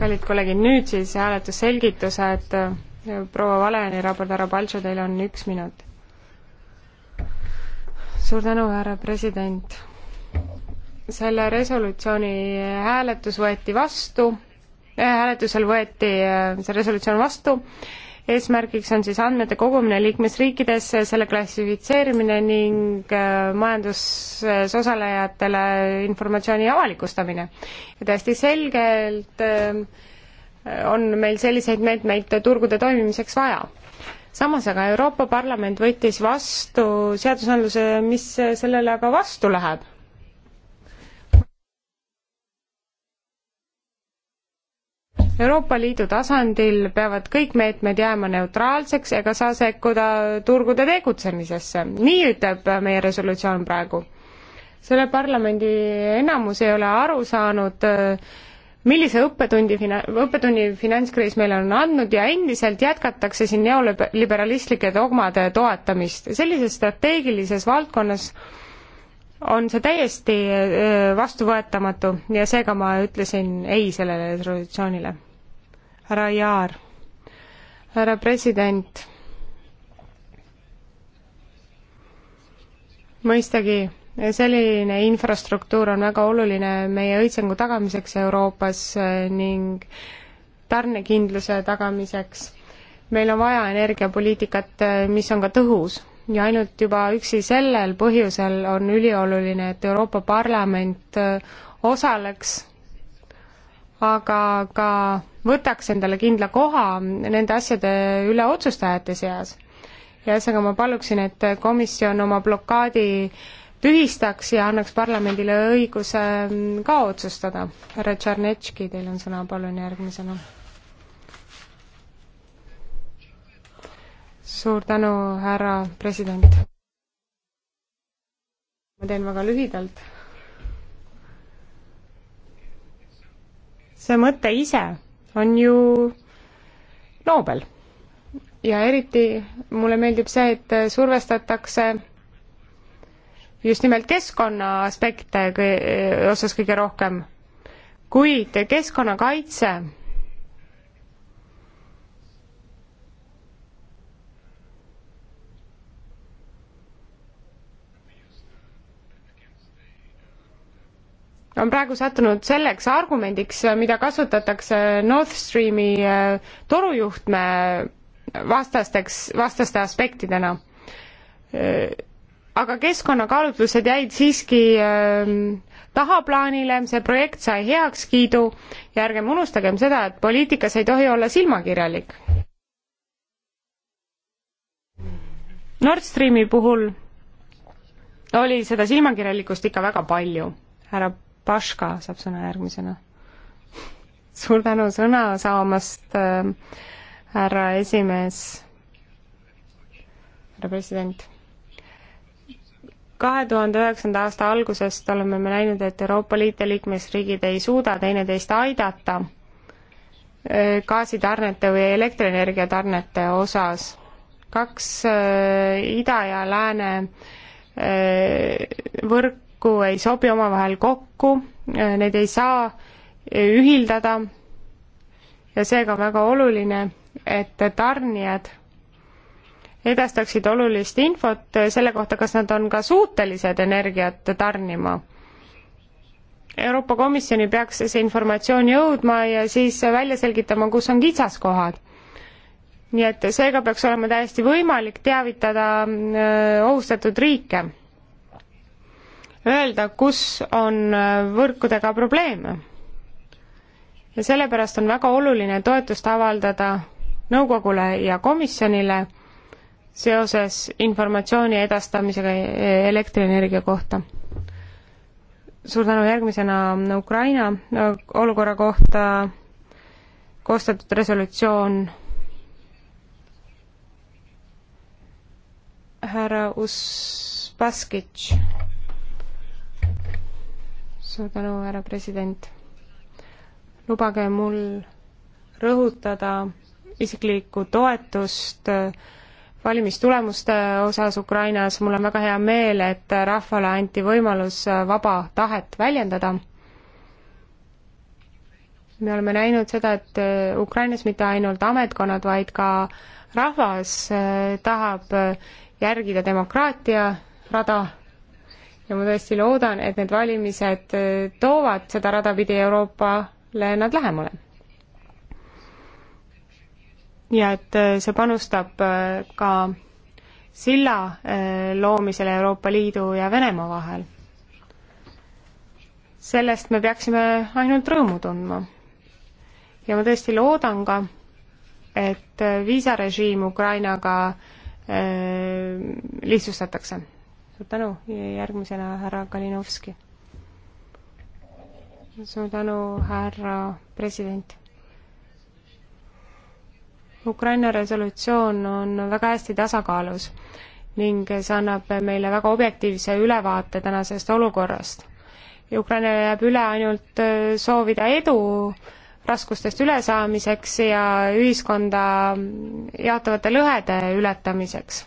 Kallid kolleegid, nüüd siis hääletusselgitused. Äh, proua Valeni raport, härra Paltsu, teil on üks minut. Suur tänu, härra president. Selle resolutsiooni hääletus võeti vastu. Äh, hääletusel võeti äh, see resolutsioon vastu eesmärgiks on siis andmete kogumine liikmesriikides, selle klassifitseerimine ning äh, majanduses osalejatele informatsiooni avalikustamine. ja täiesti selgelt äh, on meil selliseid meetmeid turgude toimimiseks vaja. samas aga Euroopa Parlament võttis vastu seadusandluse, mis sellele aga vastu läheb Euroopa Liidu tasandil peavad kõik meetmed jääma neutraalseks ega saa sekkuda turgude tegutsemisesse. nii ütleb meie resolutsioon praegu. selle parlamendi enamus ei ole aru saanud, äh, millise õppetundi fina-, õppetunni finantskriis meile on andnud ja endiselt jätkatakse siin neoliberalistlike dogmade toetamist. sellises strateegilises valdkonnas on see täiesti äh, vastuvõetamatu ja seega ma ütlesin ei sellele resolutsioonile härra Jaar, härra president, mõistagi, selline infrastruktuur on väga oluline meie õitsengu tagamiseks Euroopas eh, ning tarnekindluse tagamiseks. meil on vaja energiapoliitikat, eh, mis on ka tõhus ja ainult juba üksi sellel põhjusel on ülioluline, et Euroopa Parlament eh, osaleks aga ka võtaks endale kindla koha nende asjade üle otsustajate seas. ja ühesõnaga ma paluksin, et komisjon oma blokaadi tühistaks ja annaks parlamendile õiguse mm, ka otsustada. härra Tšarnetški, teil on sõna, palun järgmisena. suur tänu, härra president. ma teen väga lühidalt see mõte ise on ju Nobel. ja eriti mulle meeldib see, et survestatakse just nimelt keskkonna aspekte osas kõige rohkem, kuid keskkonnakaitse on praegu sattunud selleks argumendiks, mida kasutatakse Nord Streami äh, torujuhtme vastasteks, vastaste aspektidena. Äh, aga keskkonnakaalutlused jäid siiski ähm, tahaplaanile, see projekt sai heakskiidu ja ärgem unustagem seda, et poliitikas ei tohi olla silmakirjalik. Nord Streami puhul oli seda silmakirjalikkust ikka väga palju. härra Paška saab sõna järgmisena. suur tänu sõna saamast äh,, härra esimees, härra president kahe tuhande üheksanda aasta algusest oleme me näinud, et Euroopa Liidu liikmesriigid ei suuda teineteist aidata äh, gaasitarnete või elektrienergia tarnete osas. kaks äh, ida ja lääne äh, võrk paraku ei sobi omavahel kokku, neid ei saa ühildada ja seega on väga oluline, et tarnijad edastaksid olulist infot selle kohta, kas nad on ka suutelised energiat tarnima. Euroopa Komisjoni peaks see informatsioon jõudma ja siis välja selgitama, kus on kitsaskohad. nii et seega peaks olema täiesti võimalik teavitada äh, ohustatud riike öelda, kus on äh, võrkudega probleeme. ja sellepärast on väga oluline toetust avaldada nõukogule ja komisjonile seoses informatsiooni edastamisega e-, elektrienergia kohta. suur tänu, järgmisena Ukraina olukorra kohta koostatud resolutsioon härra Uspaskitš suur tänu, härra president. lubage mul rõhutada isiklikku toetust äh, valimistulemuste osas Ukrainas, mul on väga hea meel, et rahvale anti võimalus äh, vaba tahet väljendada. me oleme näinud seda, et äh, Ukrainas mitte ainult ametkonnad, vaid ka rahvas tahab järgida demokraatia rada ja ma tõesti loodan, et need valimised äh, toovad seda rada pidi Euroopale nad lähemale. ja et äh, see panustab äh, ka silla loomisele Euroopa Liidu ja Venemaa vahel. sellest me peaksime ainult rõõmu tundma. ja ma tõesti loodan ka, et viisarežiim Ukrainaga lihtsustatakse suur tänu, järgmisena härra Kalinovski. suur tänu, härra president. Ukraina resolutsioon on väga hästi tasakaalus ning see annab meile väga objektiivse ülevaate tänasest olukorrast. Ukrainale jääb üle ainult äh, soovida edu raskustest ülesaamiseks ja ühiskonda jaatavate lõhede ületamiseks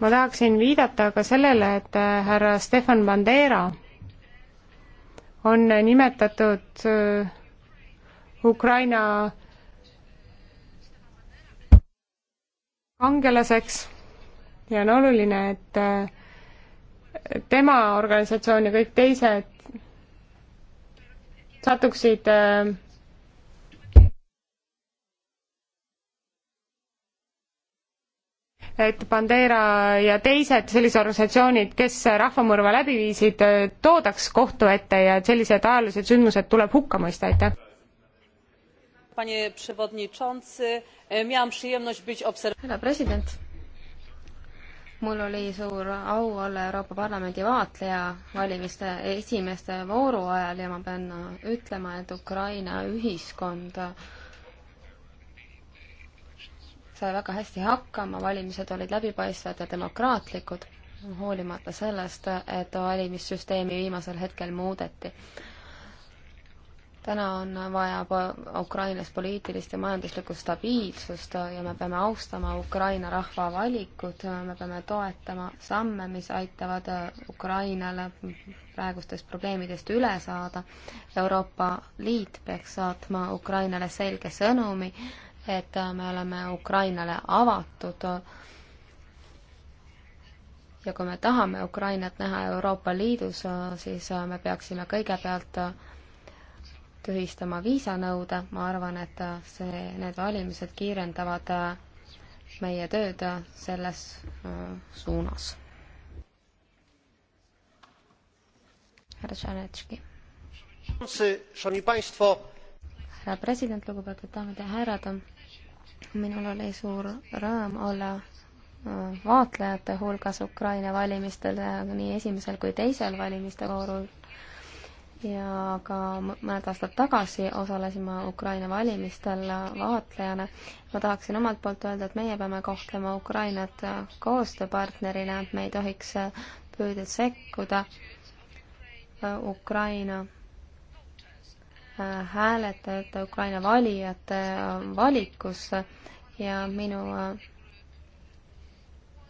ma tahaksin viidata ka sellele, et äh, härra Stefan Bandera on nimetatud äh, Ukraina kangelaseks ja on oluline, et äh, tema organisatsioon ja kõik teised satuksid äh, et Bandera ja teised sellised organisatsioonid, kes rahvamõrva läbi viisid, toodaks kohtu ette ja et sellised ajaloolised sündmused tuleb hukka mõista, aitäh.
härra president, mul oli suur au olla Euroopa Parlamendi vaatleja valimiste esimeste vooru ajal ja ma pean ütlema, et Ukraina ühiskond sai väga hästi hakkama, valimised olid läbipaistvad ja demokraatlikud, hoolimata sellest, et valimissüsteemi viimasel hetkel muudeti. täna on vaja Ukrainas poliitilist ja majanduslikku stabiilsust ja me peame austama Ukraina rahva valikud, me peame toetama samme, mis aitavad Ukrainale praegustest probleemidest üle saada. Euroopa Liit peaks saatma Ukrainale selge sõnumi, et äh, me oleme Ukrainale avatud ja kui me tahame Ukrainat näha Euroopa Liidus, äh, siis äh, me peaksime kõigepealt tühistama viisanõude, ma arvan, et see, need valimised kiirendavad meie tööd selles suunas. härra Tšanetški. härra president, lugupeetud daamid ja härrad minul oli suur rõõm olla äh, vaatlejate hulgas Ukraina valimistel äh, nii esimesel kui teisel valimiste voorul ja ka mõned aastad tagasi osalesin ma Ukraina valimistel äh, vaatlejana. ma tahaksin omalt poolt öelda, et meie peame kohtlema Ukrainat koostööpartnerina, me ei tohiks püüda sekkuda Ukraina hääletajate, Ukraina valijate valikus ja minu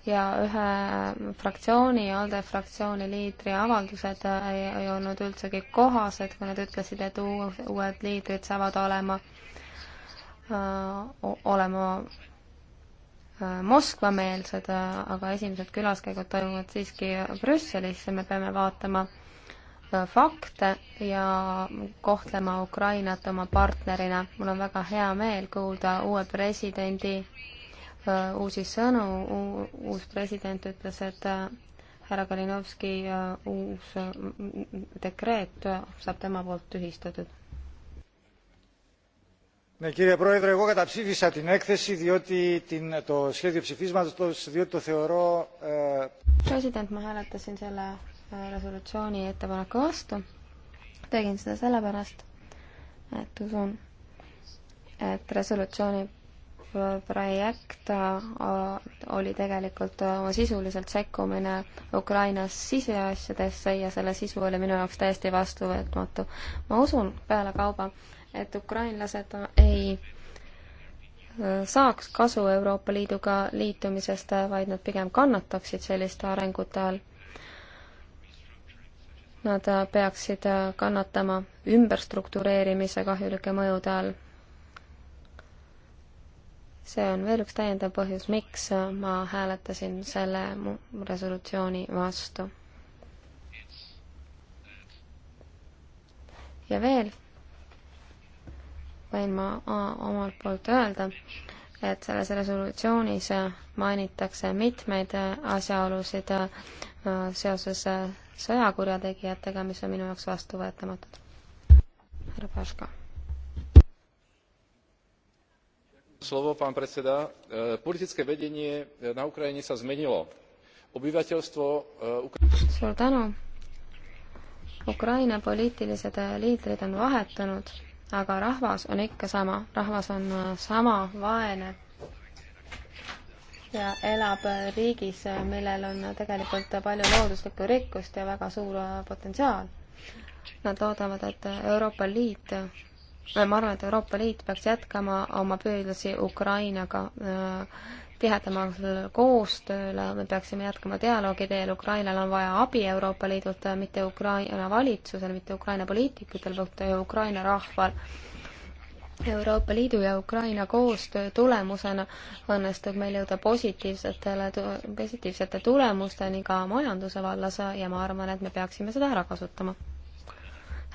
ja ühe fraktsiooni, ALDE fraktsiooni liidri avaldused ei, ei olnud üldsegi kohased, kui nad ütlesid, et uued liidrid saavad olema, olema Moskva-meelsed, aga esimesed külaskäigud toimuvad siiski Brüsselis ja me peame vaatama äh, fakte ja kohtlema Ukrainat oma partnerina. mul on väga hea meel kuulda uue presidendi äh, uusi sõnu, uus president ütles, et äh, härra Kalinovski äh, uus dekreet saab tema poolt tühistatud.
Ναι, κύριε Πρόεδρε, εγώ καταψήφισα την έκθεση διότι την, το σχέδιο ψηφίσματος, διότι το θεωρώ... Ε...
President, ma hääletasin selle resolutsiooni ettepaneku vastu. tegin seda sellepärast, et usun, et resolutsiooni projekt äh, oli tegelikult oma äh, sisuliselt sekkumine Ukrainas siseasjadesse ja selle sisu oli minu jaoks täiesti vastuvõtmatu. ma usun pealekauba, et ukrainlased äh, ei saaks kasu Euroopa Liiduga liitumisest, vaid nad pigem kannataksid selliste arengute all. Nad äh, peaksid äh, kannatama ümberstruktureerimise kahjulike mõjude all. see on veel üks täiendav põhjus, miks äh, ma hääletasin selle resolutsiooni vastu. ja veel võin ma omalt poolt öelda, et selles resolutsioonis mainitakse mitmeid asjaolusid, Äh, seoses äh, sõjakurjategijatega, mis on minu jaoks vastuvõetamatud. härra Paška. slovo, pán predseda. Äh, politické vedenie na Ukrajine sa zmenilo. Obyvateľstvo Suur tänu. Ukraina poliitilised liidrid on vahetunud, aga rahvas on ikka sama. rahvas on sama vaene ja elab riigis, millel on tegelikult palju looduslikku rikkust ja väga suur äh, potentsiaal. Nad loodavad, et Euroopa Liit, äh, ma arvan, et Euroopa Liit peaks jätkama oma püüdlusi Ukrainaga äh, tihedamal koostööl, me peaksime jätkama dialoogi teel, Ukrainal on vaja abi Euroopa Liidult, mitte Ukraina valitsusel, mitte Ukraina poliitikutel, vaid Ukraina rahval Euroopa Liidu ja Ukraina koostöö tulemusena õnnestub meil jõuda positiivsetele, positiivsete tulemusteni ka majanduse vallas ja ma arvan, et me peaksime seda ära kasutama.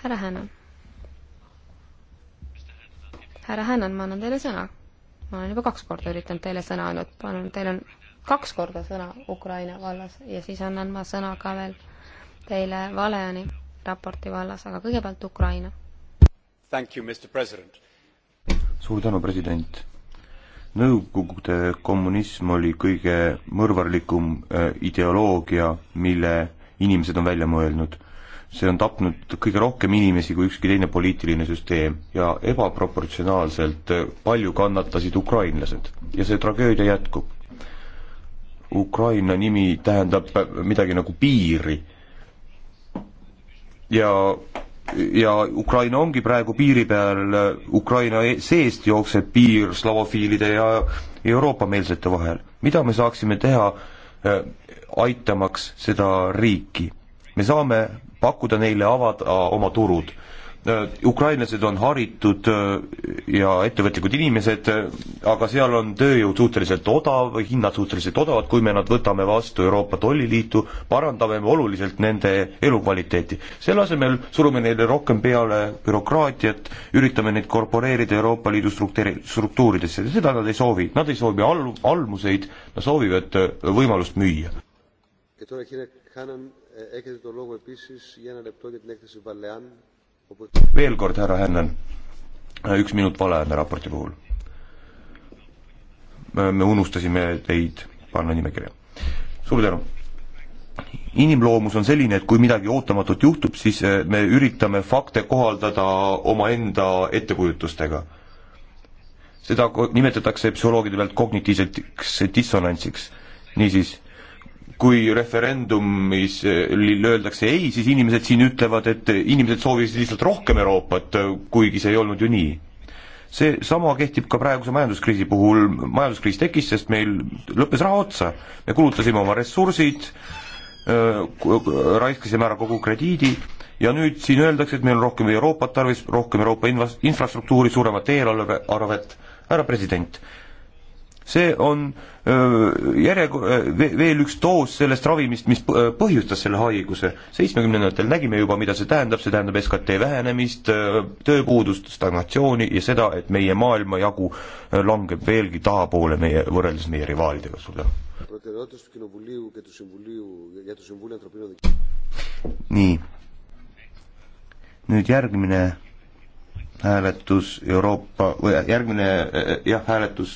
härra Hännan. härra Hännan, ma annan teile sõna. ma olen juba kaks korda üritanud teile sõna andnud, palun, teil on kaks korda sõna Ukraina vallas ja siis annan ma sõna ka veel teile Valeani raporti vallas, aga kõigepealt Ukraina.
Thank you, Mr President suur tänu, president. Nõukogude kommunism oli kõige mõrvarlikum äh, ideoloogia, mille inimesed on välja mõelnud. see on tapnud kõige rohkem inimesi kui ükski teine poliitiline süsteem ja ebaproportsionaalselt äh, palju kannatasid ukrainlased ja see tragöödia jätkub. Ukraina nimi tähendab äh, midagi nagu piiri ja ja Ukraina ongi praegu piiri peal, Ukraina e-, seest jookseb piir slavofiilide ja Euroopa-meelsete vahel. mida me saaksime teha äh, aitamaks seda riiki? me saame pakkuda neile avada oma turud Äh, ukrainlased on haritud äh, ja ettevõtlikud inimesed, äh, aga seal on tööjõud suhteliselt odav, hinnad suhteliselt odavad, kui me nad võtame vastu Euroopa Tolliliitu, parandame me oluliselt nende elukvaliteeti. selle asemel surume neile rohkem peale bürokraatiat, üritame neid korporeerida Euroopa Liidu struktuuri, struktuuridesse ja seda nad ei soovi, nad ei soovi al-, almuseid, nad soovivad võimalust müüa.
και τώρα κύριε Κάναν έχετε το λόγο επίσης για ένα λεπτό για την έκθεση Βαλεάν
veel kord, härra Hännan, üks minut valeandme raporti puhul. me unustasime teid panna nimekirja. suur tänu. inimloomus on selline, et kui midagi ootamatut juhtub, siis eh, me üritame fakte kohaldada omaenda ettekujutustega. seda nimetatakse psühholoogide pealt kognitiivseks dissonantsiks. niisiis kui referendumis eh, öeldakse ei, siis inimesed siin ütlevad, et inimesed soovisid lihtsalt rohkem Euroopat, eh, kuigi see ei olnud ju nii. see sama kehtib ka praeguse majanduskriisi puhul, majanduskriis tekkis, sest meil lõppes raha otsa, me kulutasime oma ressursid, eh, raiskasime ära kogu krediidi ja nüüd siin öeldakse, et meil on rohkem Euroopat tarvis, rohkem Euroopa invas-, infrastruktuuri, suuremat eelarvet, härra president, see on järjekor-, veel üks doos sellest ravimist, mis põhjustas selle haiguse. seitsmekümnendatel nägime juba, mida see tähendab, see tähendab SKT vähenemist, tööpuudust, stagnatsiooni ja seda, et meie maailmajagu langeb veelgi tahapoole meie, võrreldes meie rivaalidega, sulle. nii. nüüd järgmine hääletus Euroopa, või järgmine jah, hääletus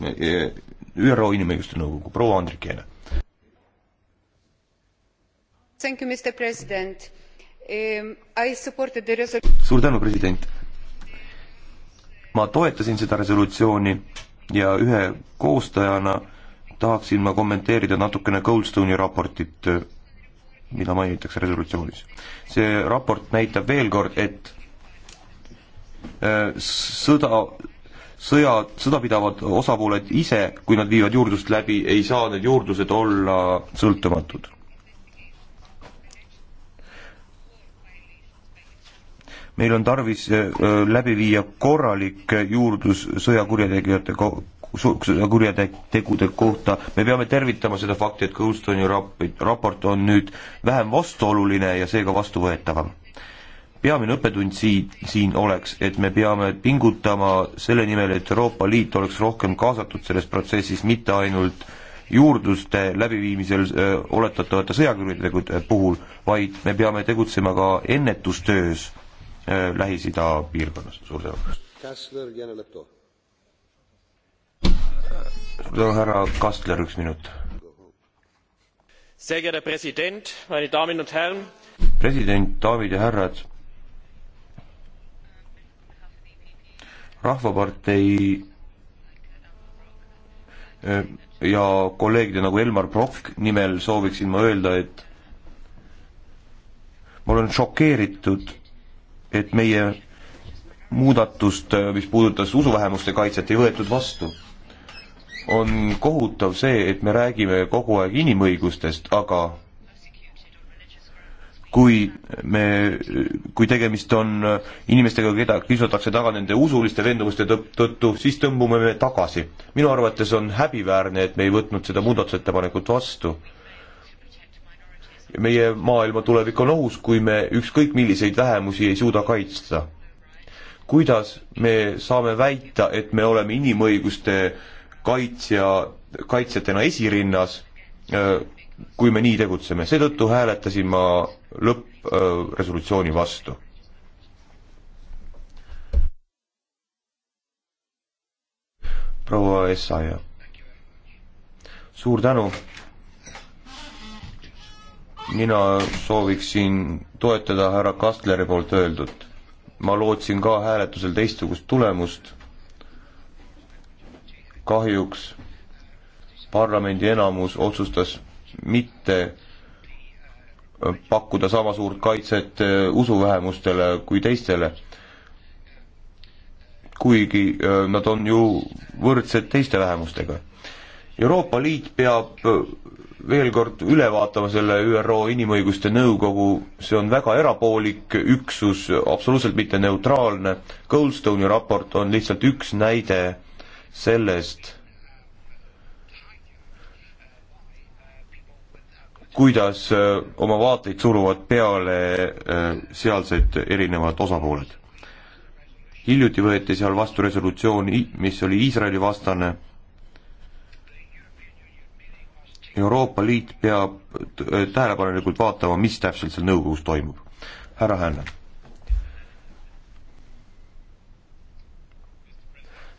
ÜRO Inimõiguste Nõukogu, proua Andrikiene. suur tänu, president. ma toetasin seda resolutsiooni ja ühe koostajana tahaksin ma kommenteerida natukene Goldstone'i raportit, mida mainitakse resolutsioonis. see raport näitab veel kord, et äh, sõda sõjad, sõda pidavad osapooled ise, kui nad viivad juurdlust läbi, ei saa need juurdlused olla sõltumatud. meil on tarvis äh, läbi viia korralik juurdlus sõjakurjategijate ko-, kurjategude kohta, me peame tervitama seda fakti, et Goldstone'i rap-, raport on nüüd vähem vastuoluline ja seega vastuvõetavam peamine õppetund siin, siin oleks, et me peame pingutama selle nimel, et Euroopa Liit oleks rohkem kaasatud selles protsessis, mitte ainult juurdluste läbiviimisel öö, oletatavate sõjakuritegude puhul, vaid me peame tegutsema ka ennetustöös Lähis-Ida piirkonnas, suur tänu. suur tänu, härra Kastler, üks minut.
president,
daamid ja härrad rahvapartei eh, ja kolleegide nagu Elmar Brokk nimel sooviksin ma öelda, et ma olen šokeeritud, et meie muudatust, eh, mis puudutas usuvähemuste kaitset, ei võetud vastu. on kohutav see, et me räägime kogu aeg inimõigustest, aga kui me, kui tegemist on inimestega, keda kiusatakse taga nende usuliste veendumuste tõttu, siis tõmbume me tagasi. minu arvates on häbiväärne, et me ei võtnud seda muudatusettepanekut vastu. meie maailma tulevik on ohus, kui me ükskõik milliseid vähemusi ei suuda kaitsta. kuidas me saame väita, et me oleme inimõiguste kaitsja, kaitsjatena esirinnas, kui me nii tegutseme, seetõttu hääletasin ma lõppresolutsiooni äh, vastu. proua Essaja, suur tänu. mina sooviksin toetada härra Kastleri poolt öeldut. ma lootsin ka hääletusel teistsugust tulemust. kahjuks parlamendi enamus otsustas mitte pakkuda sama suurt kaitset äh, usuvähemustele kui teistele. kuigi äh, nad on ju võrdsed teiste vähemustega. Euroopa Liit peab äh, veel kord üle vaatama selle ÜRO Inimõiguste Nõukogu, see on väga erapoolik üksus, absoluutselt mitte neutraalne, Goldstone'i raport on lihtsalt üks näide sellest kuidas äh, oma vaateid suruvad peale äh, sealsed erinevad osapooled. hiljuti võeti seal vastu resolutsioon, mis oli Iisraeli vastane. Euroopa Liit peab äh, tähelepanelikult vaatama, mis täpselt seal nõukogus toimub. härra Hänna.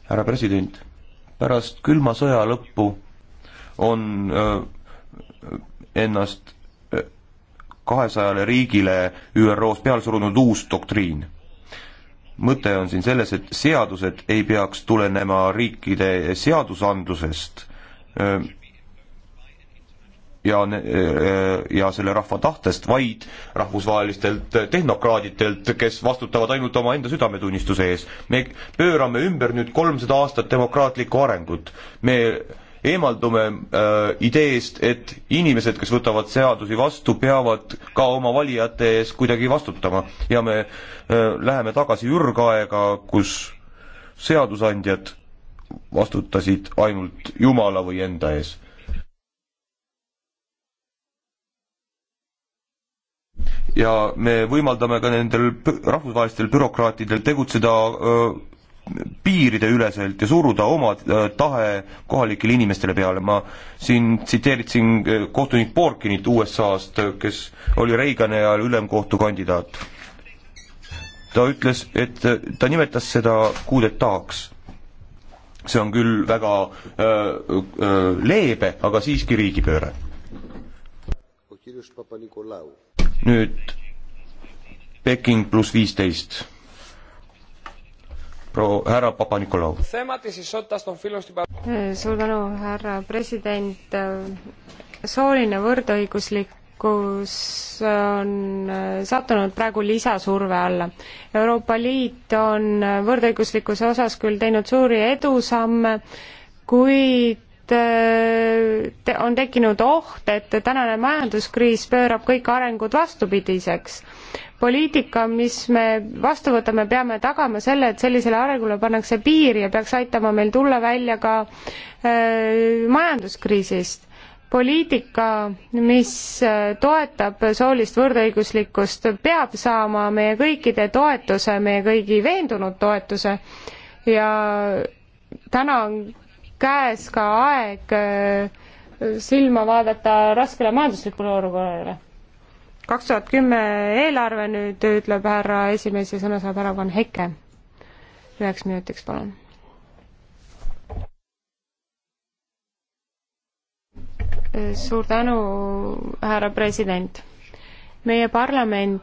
härra president, pärast külma sõja lõppu on öö, ennast kahesajale riigile ÜRO-s peale surunud uus doktriin. mõte on siin selles, et seadused ei peaks tulenema riikide seadusandlusest ja, ja selle rahva tahtest, vaid rahvusvahelistelt tehnokraaditelt, kes vastutavad ainult omaenda südametunnistuse ees. me pöörame ümber nüüd kolmsada aastat demokraatlikku arengut. me eemaldume äh, ideest, et inimesed, kes võtavad seadusi vastu, peavad ka oma valijate ees kuidagi vastutama ja me äh, läheme tagasi ürgaega, kus seadusandjad vastutasid ainult Jumala või enda ees. ja me võimaldame ka nendel rahvusvahelistel bürokraatidel tegutseda öö, äh, piirideüleselt ja suruda oma äh, tahe kohalikele inimestele peale, ma siin tsiteeritsin äh, kohtunik Borkinit USA-st, äh, kes oli Reagani ajal ülemkohtu kandidaat. ta ütles, et ta nimetas seda kuudetaaks. see on küll väga öö, öö, leebe, aga siiski riigipööre. nüüd Peking pluss viisteist proua, härra Papa-Nikolau.
suur tänu, härra president. Äh, sooline võrdõiguslikkus on äh, sattunud praegu lisasurve alla. Euroopa Liit on äh, võrdõiguslikkuse osas küll teinud suuri edusamme, kuid Äh, te, on tekkinud oht, et tänane majanduskriis pöörab kõik arengud vastupidiseks. poliitika, mis me vastu võtame, peame tagama selle, et sellisele arengule pannakse piir ja peaks aitama meil tulla välja ka äh, majanduskriisist poliitika, mis äh, toetab soolist võrdõiguslikkust, peab saama meie kõikide toetuse, meie kõigi veendunud toetuse ja täna on käes ka aeg äh, silma vaadata raskele majanduslikule olukorrale. kaks tuhat kümme eelarve nüüd, ütleb härra esimees ja sõna saab härra Van Heke. üheks minutiks, palun. suur tänu, härra president. meie parlament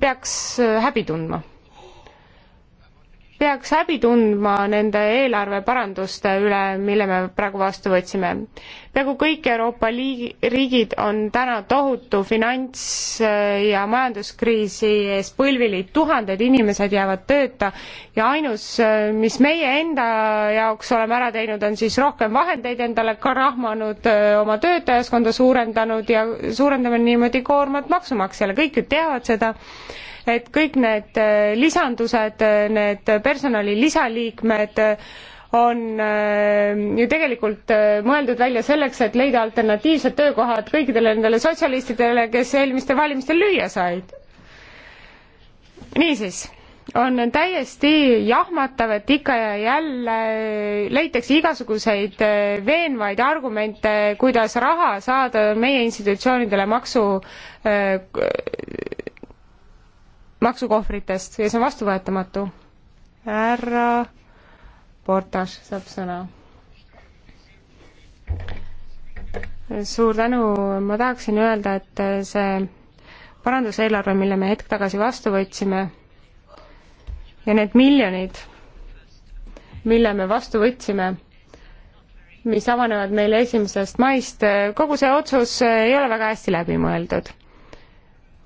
peaks äh, häbi tundma peaks häbi tundma nende eelarveparanduste üle, mille me praegu vastu võtsime. peaaegu kõik Euroopa liigi, riigid on täna tohutu finants- ja majanduskriisi ees põlvili, tuhanded inimesed jäävad tööta ja ainus, mis meie enda jaoks oleme ära teinud, on siis rohkem vahendeid endale rahmanud, oma töötajaskonda suurendanud ja suurendame niimoodi koormat maksumaksjale, kõik ju teavad seda et kõik need äh, lisandused, äh, need personali lisaliikmed äh, on ju tegelikult mõeldud välja selleks, et leida alternatiivsed töökohad kõikidele nendele sotsialistidele, kes eelmistel valimistel lüüa said. niisiis, on täiesti jahmatav, et ikka ja jälle leitakse igasuguseid veenvaid argumente, kuidas raha saada meie institutsioonidele maksu maksukohvritest ja see on vastuvõetamatu. härra Portas saab sõna. suur tänu, ma tahaksin öelda, et see paranduseelarve, mille me hetk tagasi vastu võtsime, ja need miljonid, mille me vastu võtsime, mis avanevad meile esimesest maist, kogu see otsus ei ole väga hästi läbi mõeldud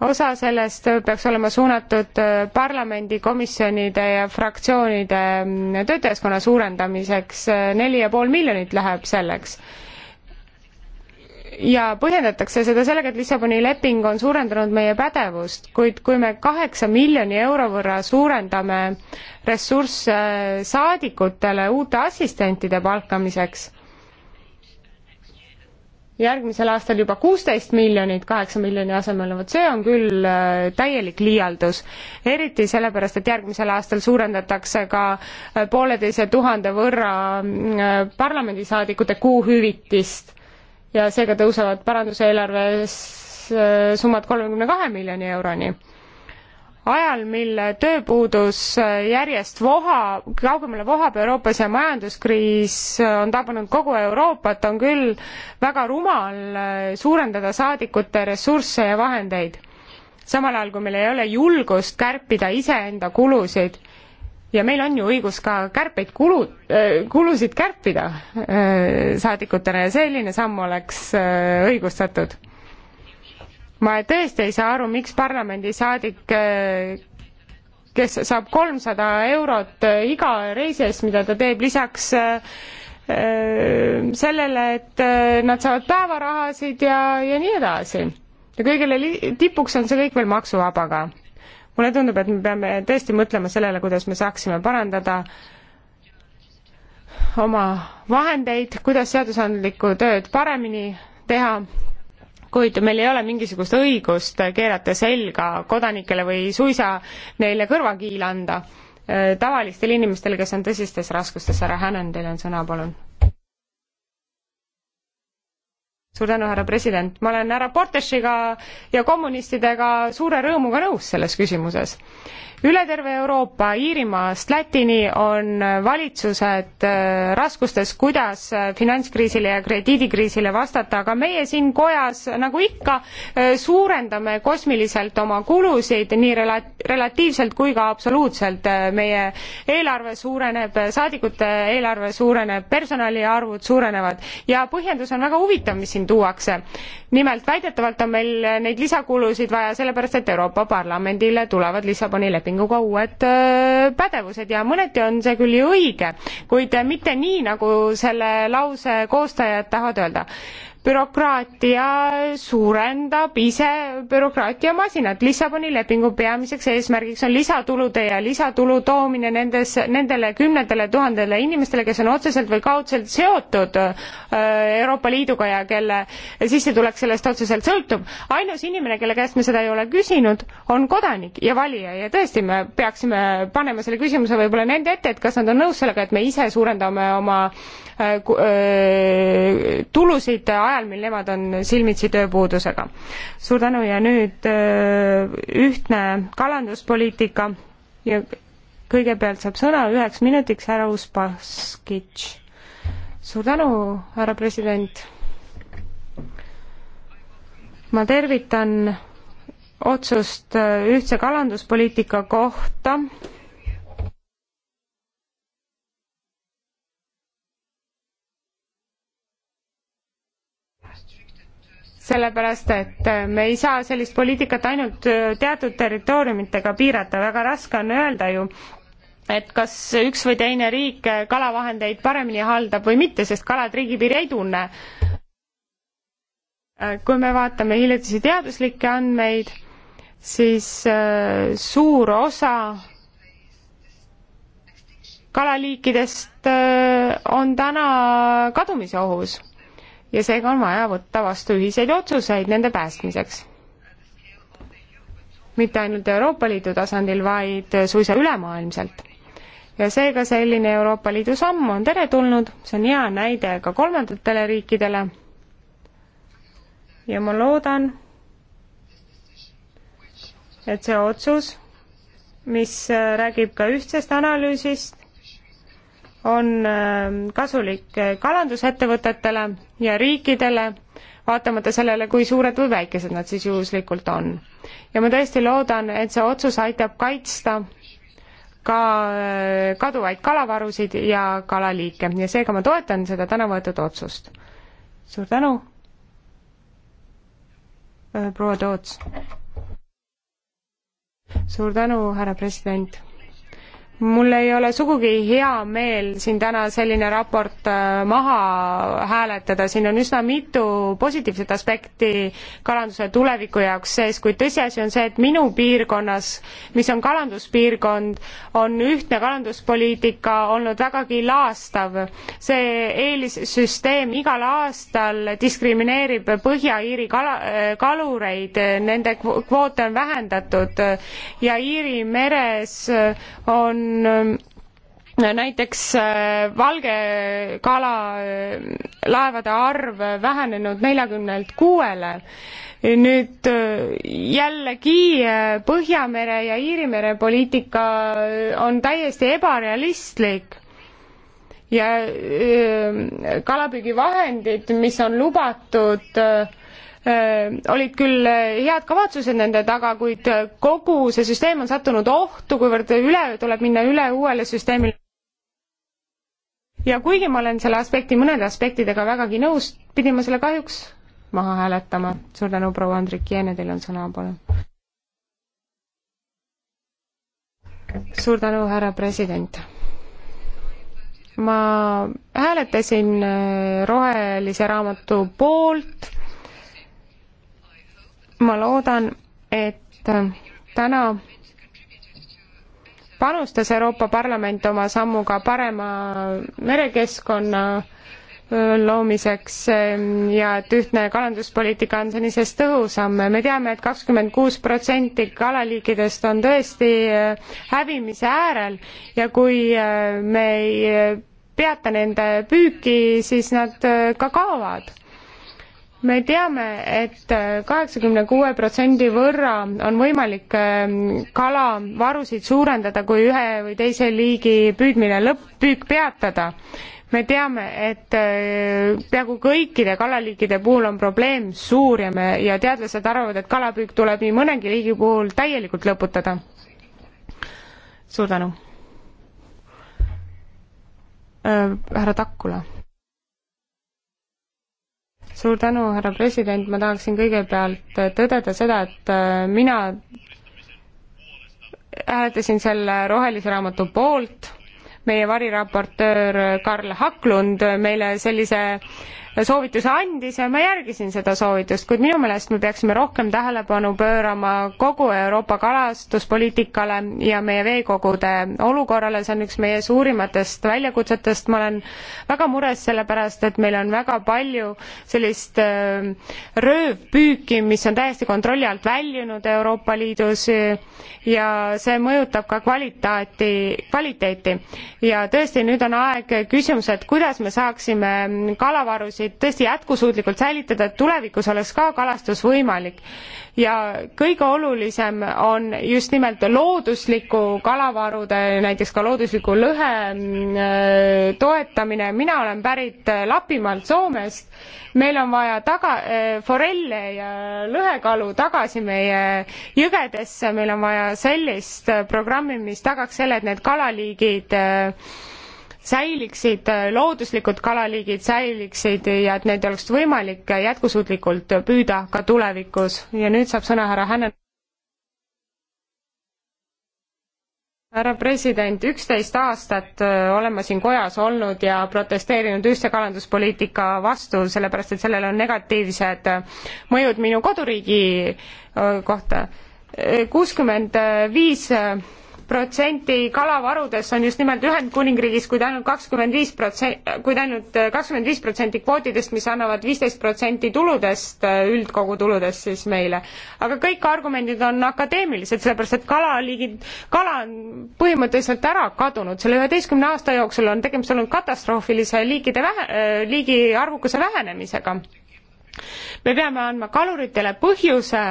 osa sellest peaks olema suunatud äh, parlamendi, komisjonide ja fraktsioonide mm, töötajaskonna suurendamiseks, äh, neli ja pool miljonit läheb selleks. ja põhjendatakse seda sellega, et Lissaboni leping on suurendanud meie pädevust, kuid kui me kaheksa miljoni euro võrra suurendame ressursse äh, saadikutele uute assistentide palkamiseks, järgmisel aastal juba kuusteist miljonit kaheksa miljoni asemel, vot see on küll äh, täielik liialdus. eriti sellepärast, et järgmisel aastal suurendatakse ka äh, pooleteise tuhande võrra mm, äh, parlamendisaadikute kuuhüvitist ja seega tõusevad paranduseelarves summad kolmekümne kahe miljoni euroni ajal, mil tööpuudus järjest vohab, kaugemale vohab Euroopas ja majanduskriis on tabanud kogu Euroopat, on küll väga rumal suurendada saadikute ressursse ja vahendeid. samal ajal, kui meil ei ole julgust kärpida iseenda kulusid ja meil on ju õigus ka kärpeid kulu, äh, kulusid kärpida äh, saadikutena ja selline samm oleks äh, õigustatud ma tõesti ei saa aru, miks parlamendisaadik, äh, kes saab kolmsada eurot äh, iga reisi eest, mida ta teeb, lisaks äh, sellele, et nad saavad päevarahasid ja, ja nii edasi. ja kõigele tipuks on see kõik veel maksuvaba ka. mulle tundub, et me peame tõesti mõtlema sellele, kuidas me saaksime parandada oma vahendeid, kuidas seadusandlikku tööd paremini teha kuid meil ei ole mingisugust õigust keerata selga kodanikele või suisa neile kõrvakiil anda äh, tavalistele inimestele, kes on tõsistes raskustes. härra Hänen, teil on sõna, palun. suur tänu, härra president. ma olen härra Portesiga ja kommunistidega suure rõõmuga nõus selles küsimuses üle terve Euroopa, Iirimaast Lätini on valitsused äh, raskustes, kuidas äh, finantskriisile ja krediidikriisile vastata, aga meie siin kojas, nagu ikka, äh, suurendame kosmiliselt oma kulusid nii rela-, relatiivselt kui ka absoluutselt. meie eelarve suureneb, saadikute eelarve suureneb, personaliarvud suurenevad ja põhjendus on väga huvitav, mis siin tuuakse. nimelt väidetavalt on meil neid lisakulusid vaja sellepärast, et Euroopa Parlamendile tulevad Lissaboni lepingud lepinguga uued äh, pädevused ja mõneti on see küll ju õige, kuid mitte nii, nagu selle lause koostajad tahavad öelda bürokraatia suurendab ise bürokraatiamasinat. Lissaboni lepingu peamiseks eesmärgiks on lisatulude ja lisatulu toomine nendes, nendele kümnetele tuhandele inimestele, kes on otseselt või kaudselt seotud äh, Euroopa Liiduga ja kelle sissetulek sellest otseselt sõltub. ainus inimene, kelle käest me seda ei ole küsinud, on kodanik ja valija ja tõesti, me peaksime panema selle küsimuse võib-olla nende ette, et kas nad on nõus sellega, et me ise suurendame oma äh, äh, tulusid ajal, mil nemad on silmitsi tööpuudusega. suur tänu ja nüüd äh, ühtne kalanduspoliitika ja kõigepealt saab sõna üheks minutiks härra Uspaskitš. suur tänu, härra president. ma tervitan otsust äh, ühtse kalanduspoliitika kohta sellepärast et äh, me ei saa sellist poliitikat ainult äh, teatud territooriumitega piirata, väga raske on öelda ju, et kas üks või teine riik äh, kalavahendeid paremini haldab või mitte, sest kalad riigipiiri ei tunne. kui me vaatame hiljutisi teaduslikke andmeid, siis suur osa kalaliikidest on täna kadumise ohus ja seega on vaja võtta vastu ühiseid otsuseid nende päästmiseks. mitte ainult Euroopa Liidu tasandil, vaid suisa ülemaailmselt. ja seega selline Euroopa Liidu samm on teretulnud, see on hea näide ka kolmandatele riikidele ja ma loodan, et see otsus, mis räägib ka ühtsest analüüsist, on ähm, kasulik kalandusettevõtetele ja riikidele, vaatamata sellele, kui suured või väikesed nad siis juhuslikult on. ja ma tõesti loodan, et see otsus aitab kaitsta ka äh, kaduvaid kalavarusid ja kalaliike ja seega ma toetan seda täna võetud otsust. suur tänu, äh, proua Toots! suur tänu, härra president! mul ei ole sugugi hea meel siin täna selline raport äh, maha hääletada, siin on üsna mitu positiivset aspekti kalanduse tuleviku jaoks sees, kuid tõsiasi on see, et minu piirkonnas, mis on kalanduspiirkond, on ühtne kalanduspoliitika olnud vägagi laastav. see eelissüsteem igal aastal diskrimineerib Põhja-Iiri kala, äh, kalureid, nende kvoote on vähendatud ja Iiri meres äh, on on äh, näiteks äh, valge kala äh, laevade arv vähenenud neljakümnelt kuuele. nüüd jällegi Põhjamere ja Iiri mere poliitika on täiesti ebarealistlik ja kalapüügivahendid, mis on lubatud öö, Äh, olid küll äh, head kavatsused nende taga, kuid äh, kogu see süsteem on sattunud ohtu, kuivõrd üleöö tuleb minna üle uuele süsteemile. ja kuigi ma olen selle aspekti, mõnede aspektidega vägagi nõus, pidin ma selle kahjuks maha hääletama. suur tänu, proua Andrik Jeene, teil on sõna, palun. suur tänu, härra president ma hääletasin rohelise raamatu poolt ma loodan, et täna panustas Euroopa Parlament oma sammuga parema merekeskkonna loomiseks ehm, ja et ühtne kalanduspoliitika on senisest tõhusam. me teame et, et kakskümmend kuus protsenti kalaliikidest on tõesti ehm, hävimise äärel ja kui ehm, me ei peata nende püüki, siis nad ka kaovad me teame et, et äh, kaheksakümne kuue protsendi võrra on võimalik ähm, kalavarusid suurendada, kui ühe või teise liigi püüdmine lõpp, püük peatada. me teame, et äh, peaaegu kõikide kalaliikide puhul on probleem suur ja me, ja teadlased arvavad, et kalapüük tuleb nii mõnegi liigi puhul täielikult lõputada. suur tänu. Äh, härra Takkula suur tänu, härra president, ma tahaksin kõigepealt tõdeda seda, et äh, mina hääletasin selle rohelise raamatu poolt, meie variraportöör Karl Haklund meile sellise soovituse andis ja ma järgisin seda soovitust, kuid minu meelest me peaksime rohkem tähelepanu pöörama kogu Euroopa kalastuspoliitikale ja meie veekogude olukorrale, see on üks meie suurimatest väljakutsetest, ma olen väga mures selle pärast, et meil on väga palju sellist äh, röövpüüki, mis on täiesti kontrolli alt väljunud Euroopa Liidus ja see mõjutab ka kvalitaati, kvaliteeti. ja tõesti, nüüd on aeg küsimus, et kuidas me saaksime kalavarusid kalasid tõesti jätkusuutlikult säilitada, et tulevikus oleks ka kalastus võimalik. ja kõige olulisem on just nimelt loodusliku kalavarude, näiteks ka loodusliku lõhe mm, äh, toetamine, mina olen pärit äh, Lapimaalt, Soomest, meil on vaja taga, äh, forelle ja lõhekalu tagasi meie jõgedesse, meil on vaja sellist programmi, mis tagaks selle, et need kalaliigid äh, säiliksid äh, looduslikud kalaliigid, säiliksid ja et neid oleks võimalik äh, jätkusuutlikult püüda ka tulevikus ja nüüd saab sõna härra Hänen. härra president, üksteist aastat äh, olen ma siin kojas olnud ja protesteerinud ühtse kalanduspoliitika vastu, sellepärast et sellel on negatiivsed mõjud minu koduriigi kohta. kuuskümmend viis protsenti kalavarudes on just nimelt Ühendkuningriigis, kuid ainult kakskümmend viis protsenti, äh, kuid ainult äh, kakskümmend viis protsenti kvootidest, mis annavad viisteist protsenti tuludest, äh, üldkogutuludest siis meile. aga kõik argumendid on akadeemilised, sellepärast et kalaliigid, kala on põhimõtteliselt ära kadunud, selle üheteistkümne aasta jooksul on tegemist olnud katastroofilise liikide vähe, liigi arvukuse vähenemisega. me peame andma kaluritele põhjuse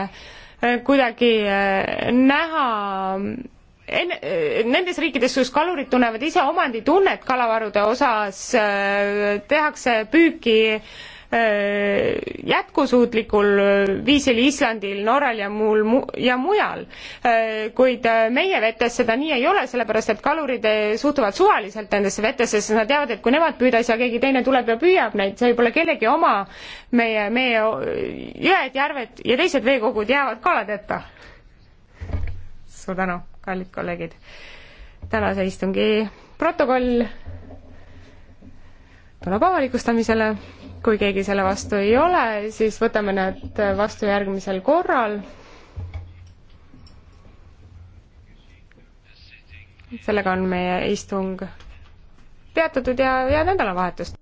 kuidagi näha en-, nendes riikides, kus kalurid tunnevad ise omanditunnet kalavarude osas, äh, tehakse püüki äh, jätkusuutlikul äh, viisil Islandil, Norral ja muul mu- ja mujal. kuid meie vetes seda nii ei ole, sellepärast et kalurid suhtuvad suvaliselt nendesse vetesse, sest nad teavad, et kui nemad püüdas ja keegi teine tuleb ja püüab neid, see pole kellegi oma, meie, meie jõed, järved ja teised veekogud jäävad kaladeta. suur tänu! kallid kolleegid. tänase istungi protokoll tuleb avalikustamisele, kui keegi selle vastu ei ole, siis võtame need vastu järgmisel korral. sellega on meie istung peatatud ja head nädalavahetust!